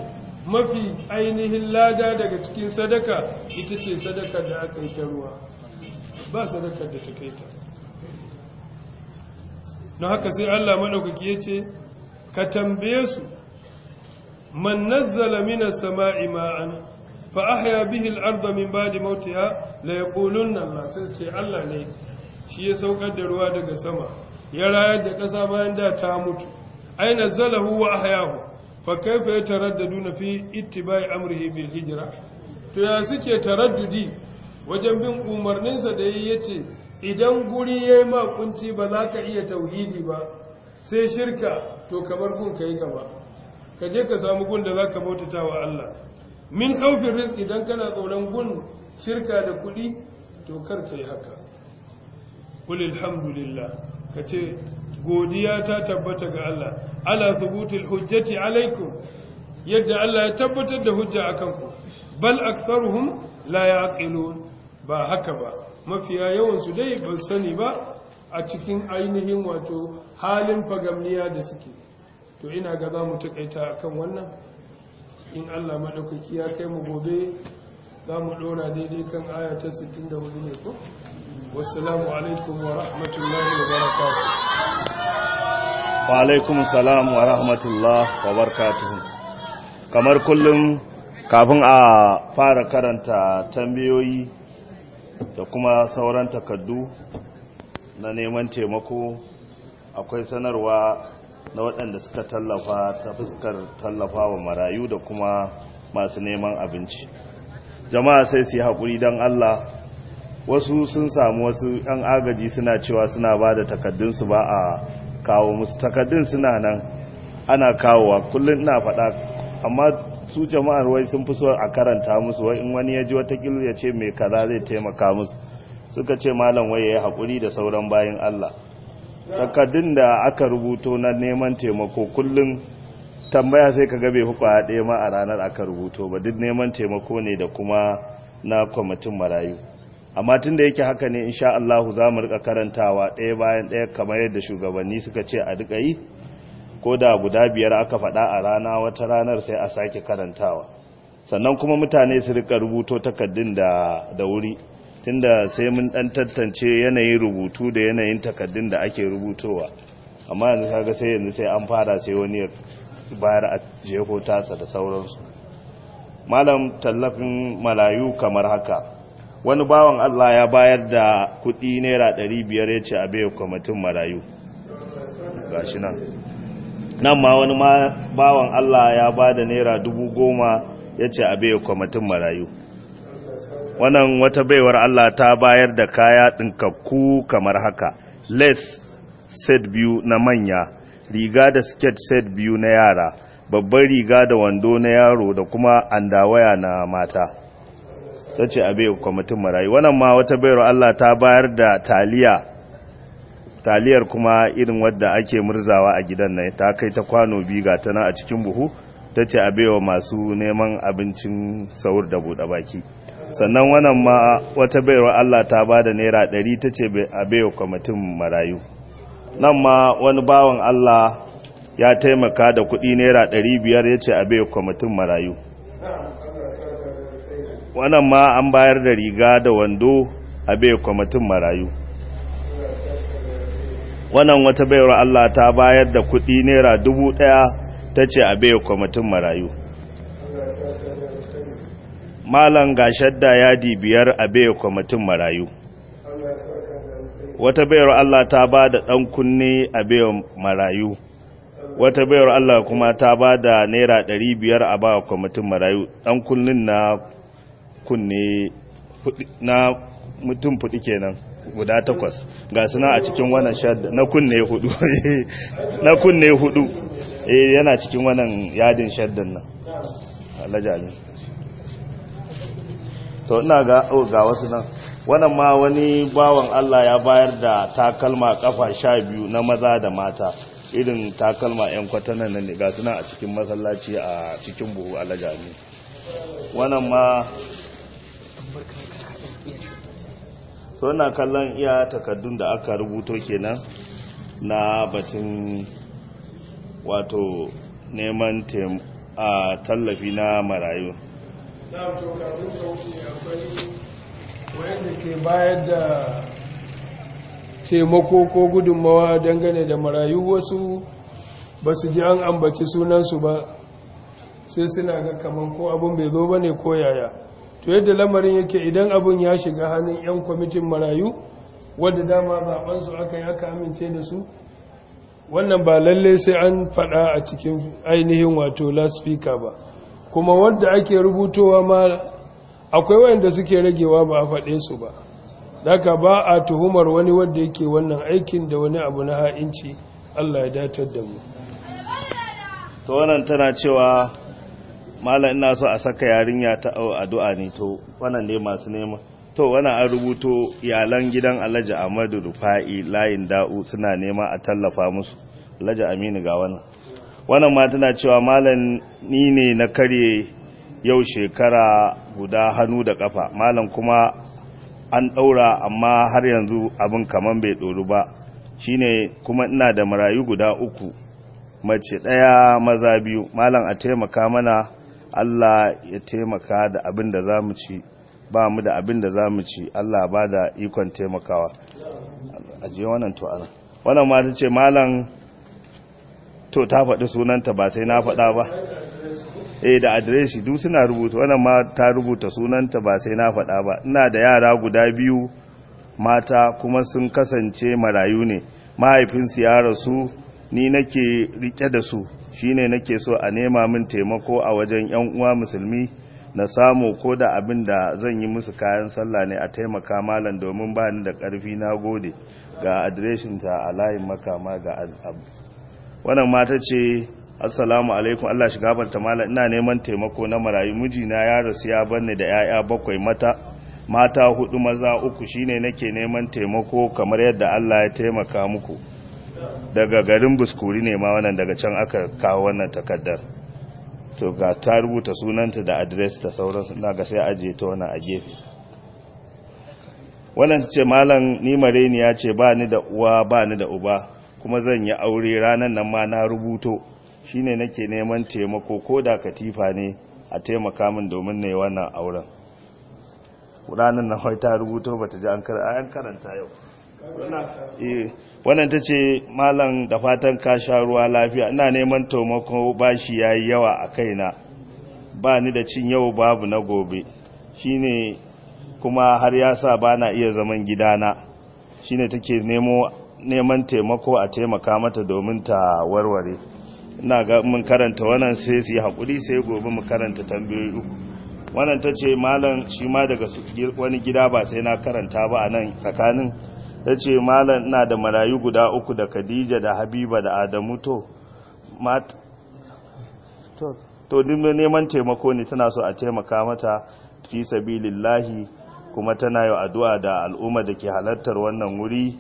mafi ainihin lada daga cikin sadaka ita ce sadaka da aka yi ta ruwa ba sadaka da ta kai ta na haka sai Allah maɗaukaki ya ce ka tambaye su man nazzala mina sama'i ma'an fa ahya bihi al-ardha min ba'di mautiha la yaqulunna Allah sai ce Allah ne shi ya saukar da ruwa daga sama ya rayar da ƙasa bayan da ta mutu aina zalahu wa ahyahu fa kaifa yataraddaduna fi ittiba'i amrihi bil hijra to ya suke taraddudi wajen bin umarninsa da yayi yace idan guri yayi makunci ba za ka iya tauhidi ba sai shirka to kamar gun kai gaba ka je ka samu gun da ka bautata wa Allah min khaufin rizqi idan kana tsoron gun shirka da kuɗi to kar kai haka qul alhamdulillah ka ce godiya ta tabbata ga Allah ala thubutul hujjati alaikum yadda Allah ya tabbatar da hujja akan ku bal aktharuhum la yaqilun ba haka ba mafiya yawan su dai ba sani ba a cikin ainihin wato halin fagamniya da suke to ina ga za mu takaita akan wannan in Allah madaukaki ya kai mu gobe za mu dora daidai kan aya ta 64 ne ko wassalamu alaikum wa rahmatullahi wa barakatuh wa alaikum salam wa rahmatullahi wa barakatuh kamar kullum kafin a fara karanta tambayoyi da kuma sauran takaddu na neman taimako akwai sanarwa na waɗanda suka tallafa ta fuskar tallafa wa marayu da kuma masu neman abinci jama'a sai su yi haƙuri don allah wasu sun samu wasu yan agaji suna cewa suna ba da takaddunsu ba a kawo musu takaddun suna nan ana kawowa kullum ina faɗa amma su jama'ar wai sun fi so a karanta musu wai in wani ya ji watakil ya ce mai kaza zai taimaka musu suka ce malam wai ya yi haƙuri da sauran bayan Allah takaddun da aka rubuto na neman taimako kullum tambaya sai ka gabe hukwa ɗaya ma a ranar aka rubuto ba duk neman taimako ne da kuma na kwamitin marayu amma tun da yake haka ne insha Allah za mu rika karantawa ɗaya bayan ɗaya kamar yadda shugabanni suka ce a duka yi ko da guda biyar aka faɗa a rana wata ranar sai a sake karantawa sannan kuma mutane su rika rubuto takaddun da wuri tunda sai mun dan tantance yanayin rubutu da yanayin takaddun da ake rubutowa amma yanzu kaga sai yanzu sai an fara sai wani bayar a jeho tasa da sauransu malam tallafin malayu kamar haka wani bawan Allah ya bayar da kuɗi naira ɗari biyar ya ce a bai kwamitin marayu gashi nan nan ma wani bawan Allah ya ba da naira dubu goma ya ce a bai kwamitin marayu wannan wata baiwar Allah ta bayar da kaya ɗinkakku kamar haka les set biyu na manya riga da siket set biyu na yara babbar riga da wando na yaro da kuma andawaya na mata ta ce a kwamitin marayu wannan ma wata bayarwa Allah ta bayar da taliya taliyar kuma irin wadda ake murzawa a gidan nan ta kai ta kwano biyu ga tana a cikin buhu ta ce a baiwa masu neman abincin saur da buɗe baki sannan wannan ma wata bayarwa Allah ta ba da naira ɗari ta ce a baiwa kwamitin marayu nan ma wani bawan Allah ya taimaka da kuɗi naira ɗari biyar ya ce a baiwa kwamitin marayu wannan ma an bayar da riga da wando a bai kwamitin marayu wannan wata baiwar Allah ta bayar da kuɗi naira dubu ɗaya ta ce a bai kwamitin marayu malam shadda yadi biyar a bai kwamitin marayu wata baiwar Allah ta ba da ɗan kunne a bai marayu wata baiwar Allah kuma ta ba da naira dari biyar a ba kwamitin marayu ɗan kunnin na kunne na mutum fudu kenan guda takwas ga suna a cikin wannan shadda na kunne hudu na kunne hudu eh yana cikin wannan yadin shaddan nan alajali to ina ga ga wasu nan wannan ma wani bawan Allah ya bayar da takalma kafa sha biyu na maza da mata irin takalma 'yan kwatanan nan ne ga suna a cikin masallaci a cikin buhu alajali wannan ma to na kallon iya takaddun da aka rubuto kenan na batun wato neman tallafi na marayu na ke bayar da taimako ko gudunmawa dangane da marayu wasu ba su ji an ambaci sunansu ba sai suna ga kamar ko abin bai zo ba ne ko yaya to yadda lamarin yake idan abun ya shiga hannun 'yan kwamitin marayu wadda dama zaɓensu aka yi aka amince da su wannan ba lalle sai an faɗa a cikin ainihin wato laspika ba kuma wadda ake rubutowa ma akwai wayanda suke ragewa ba a faɗe su ba daga ba a tuhumar wani wadda yake wannan aikin da wani abu na ha'inci allah ya datar da mu ta wannan tana cewa malam ina so a saka yarinya ta addu'a ne to wannan ne masu nema to wannan an rubuto iyalan gidan Alhaji Ahmadu Rufa'i layin da'u suna nema a tallafa musu Alhaji Aminu ga wannan wannan ma tana cewa malam ni ne na kare yau shekara guda hannu da kafa malam kuma an daura amma har yanzu abin kaman bai doru ba shine kuma ina da marayu guda uku mace daya maza biyu malam a taimaka mana Allah ya taimaka da abin da za mu ci ba mu da abin da za mu ci Allah ba da ikon taimakawa ajiye wannan to ana wannan ma ta ce malam to ta faɗi sunanta ba sai na faɗa ba eh da adireshi duk suna rubuta wannan ma ta rubuta sunanta ba sai na faɗa ba ina da yara guda biyu mata kuma sun kasance marayu ne mahaifinsu ya rasu ni nake rike da su shine nake so a nema min taimako a wajen yan uwa musulmi na samu ko da abin da zan yi musu kayan sallah ne a taimaka malam domin ba ni da ƙarfi na gode ga adireshin ta a layin makama ga abu wannan mata ce assalamu alaikum Allah shi gafarta malam ina neman taimako na marayu mijina ya rasu ya banne da yaya bakwai mata mata hudu maza uku shine nake neman taimako kamar yadda Allah ya taimaka muku daga garin buskuri ne ma wannan daga can aka kawo wannan takaddar to ga ta rubuta sunanta da adres ta sauransu na ga sai ajiye ta wannan a gefe wannan ce malam ni mareni ya ce ba ni da uwa ba ni da uba kuma zan yi aure ranar nan ma na rubuto shine nake neman taimako ko da katifa ne a taimaka min domin ne wannan auren ranar nan ta rubuto bata ji an karanta yau eh. wannan ta ce malam da fatan ka sha ruwa lafiya ina neman taimako ba shi ya yi yawa a kaina ba ni da cin yau babu na gobe shi ne kuma har ya sa ba na iya zaman gidana shi ta take neman taimako a taimaka mata domin ta warware ina ga mun karanta wannan sai su yi haƙuri sai gobe mu karanta tambayoyi uku wannan ta ce malam shi ma daga wani gida ba sai na karanta ba a nan tsakanin ta ce malam ina da marayu guda uku da khadija da habiba da adamu to to dimin neman taimako ne tana so a taimaka mata fi sabilillahi kuma tana yi addu'a da al'umma da ke halartar wannan wuri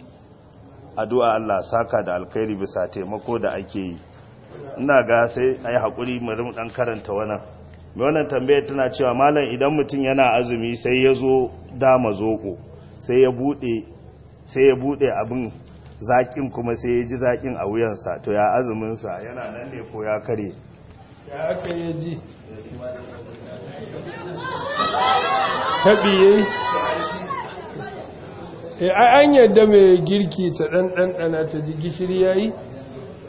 addu'a Allah saka da alkhairi bisa taimako da ake yi ina ga sai a yi haƙuri marim ɗan karanta wannan mai wannan tambayar tana cewa malam idan mutum yana azumi sai ya zo dama zoɓo sai ya buɗe sai ya bude abin zakin kuma sai ya ji zakin a wuyansa to ya azuminsa yana nan ne ko ya kare ya aka yi ji tabiye eh, ai an yadda mai girki ta ɗanɗanɗana ta ji gishiri ya yi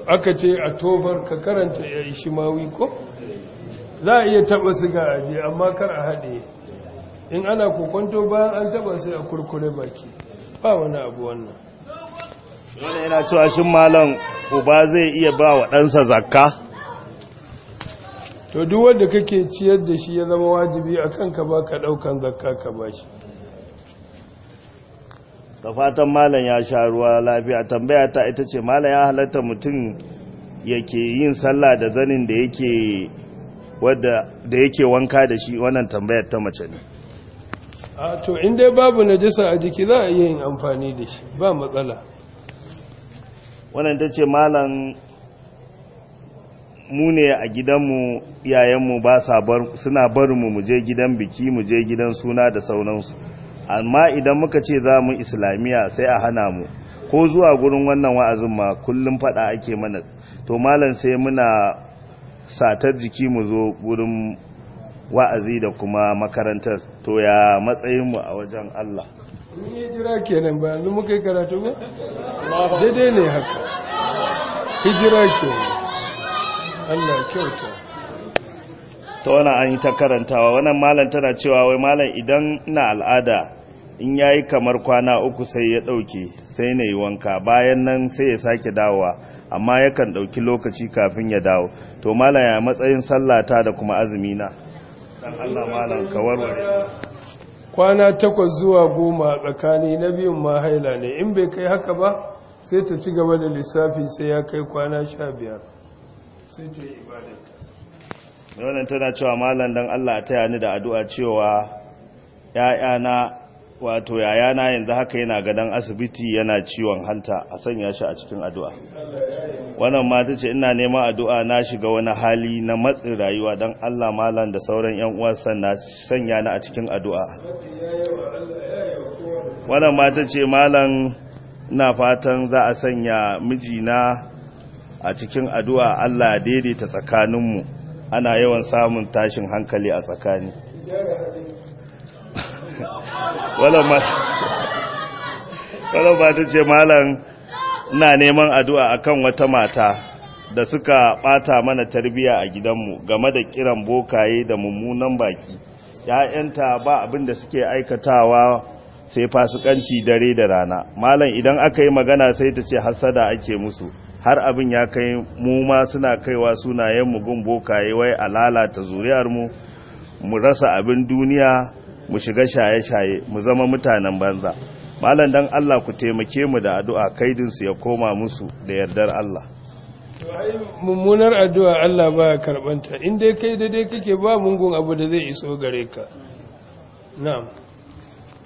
aka ce a tobar ka karanta ya yi shimawi ko za a iya taɓa siga aji amma kar a haɗe in ana kokonto bayan an taɓa sai a kurkure baki ba wani abu wannan wani yana cewa shi malam uba zai iya ba wa ɗansa zakka to duk wanda kake ciyar da shi ya zama wajibi a kanka ba ka ɗaukan zakka ka ba shi fatan malam ya sha ruwa lafiya tambaya ta ita ce malam ya halatta mutum yake yin sallah da zanin da yake wanka da shi wannan tambayar ta mace ne a to inda babu najasa a jiki za a iya yin amfani da shi ba matsala wannan ta ce malam mu ne a gidanmu yayanmu ba suna barinmu mu je gidan biki mu je gidan suna da saunansu amma idan muka ce za mu islamiyya sai a hana mu ko zuwa gurin wannan wa'azin ma kullum fada ake mana to malam sai muna satar jiki mu zo gurin wa'azi da kuma makarantar to ya matsayinmu a wajen Allah mun yi jira kenan ba yanzu muka yi karatu ba Dede ne haka hijira kenan Allah kyauta ta wani an yi ta karantawa wannan malam tana cewa wai malam idan na al'ada in ya yi kamar kwana uku sai ya ɗauke sai na yi wanka bayan nan sai ya sake dawowa amma yakan ɗauki lokaci kafin ya dawo to malam ya matsayin sallata da kuma azumina dan kwana takwas zuwa goma tsakani na biyun mahaila ne in bai kai haka ba sai ta ci gaba da lissafi sai ya kai kwana sha biyar sai ta yi ibadanta tana cewa malam dan Allah ta yani da addu'a cewa ‘ya'yana wato yayana yanzu haka yana gadon asibiti yana ciwon hanta a sanya shi a cikin addu'a wannan ta ce ina neman addu'a na shiga wani hali na matsin rayuwa don allah malam da sauran yan uwan sanya na a cikin addu'a wannan ta ce malam ina fatan za a sanya mijina a cikin addu'a allah daidaita tsakaninmu ana yawan samun tashin hankali a tsakani wadda ba ta ce malam na neman addu'a akan wata mata da suka bata mana tarbiya a gidanmu game da kiran bokaye da mummunan baki ‘ya'yanta ba abin da suke aikatawa sai fasukanci dare da rana malam idan aka yi magana sai ta ce hassada ake musu har abin ya kai mu ma suna kaiwa sunayen mugun bokaye wai a lalata zuriyarmu mu rasa abin duniya mu shiga shaye-shaye mu zama mutanen banza malam dan Allah ku taimake mu da addu'a kaidinsu ya koma musu da yardar Allah mummunar addu'a Allah baya karbanta in dai kai da kake ba mungun abu da zai iso gare ka na'am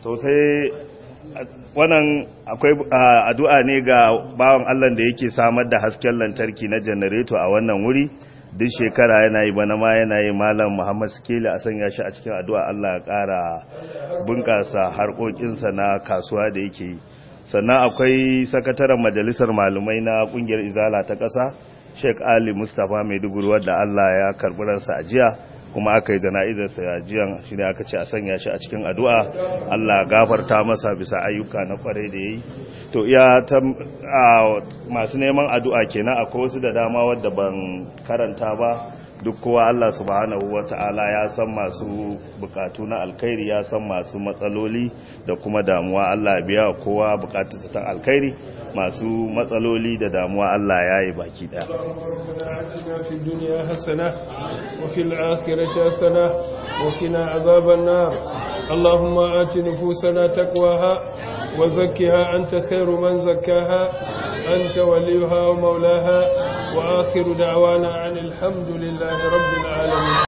to sai wannan akwai addu'a ne ga bawan Allah da yake samar da hasken lantarki na janareto a wannan wuri duk shekara yana yi bana ma yana yi malam muhammad sikeli a sanya shi a cikin addu'a allah ya ƙara bunƙasa harkokinsa na kasuwa da yake yi sannan akwai sakataren majalisar malumai na ƙungiyar izala ta ƙasa sheik ali mustapha maiduguri da allah ya karɓi ransa a jiya kuma aka yi jana'izar sa a jiyan shi ne aka ce a sanya shi a cikin addu'a Allah gafarta masa bisa ayyuka na kware da ya yi to iya ta masu neman addu'a kenan akwai wasu da dama wadda ban karanta ba duk kowa Allah subhanahu wata'ala ya san masu bukatu na alkhairi ya san masu matsaloli da kuma damuwa Allah biya kowa bukatunsa ta alkhairi masu matsaloli da damuwa Allah ya yi baki daya fi dunya hasana wa fil azaban nar allahumma ati nufusana taqwaha wa zakkiha anta anta maulaha wa akhiru لله رب العالمين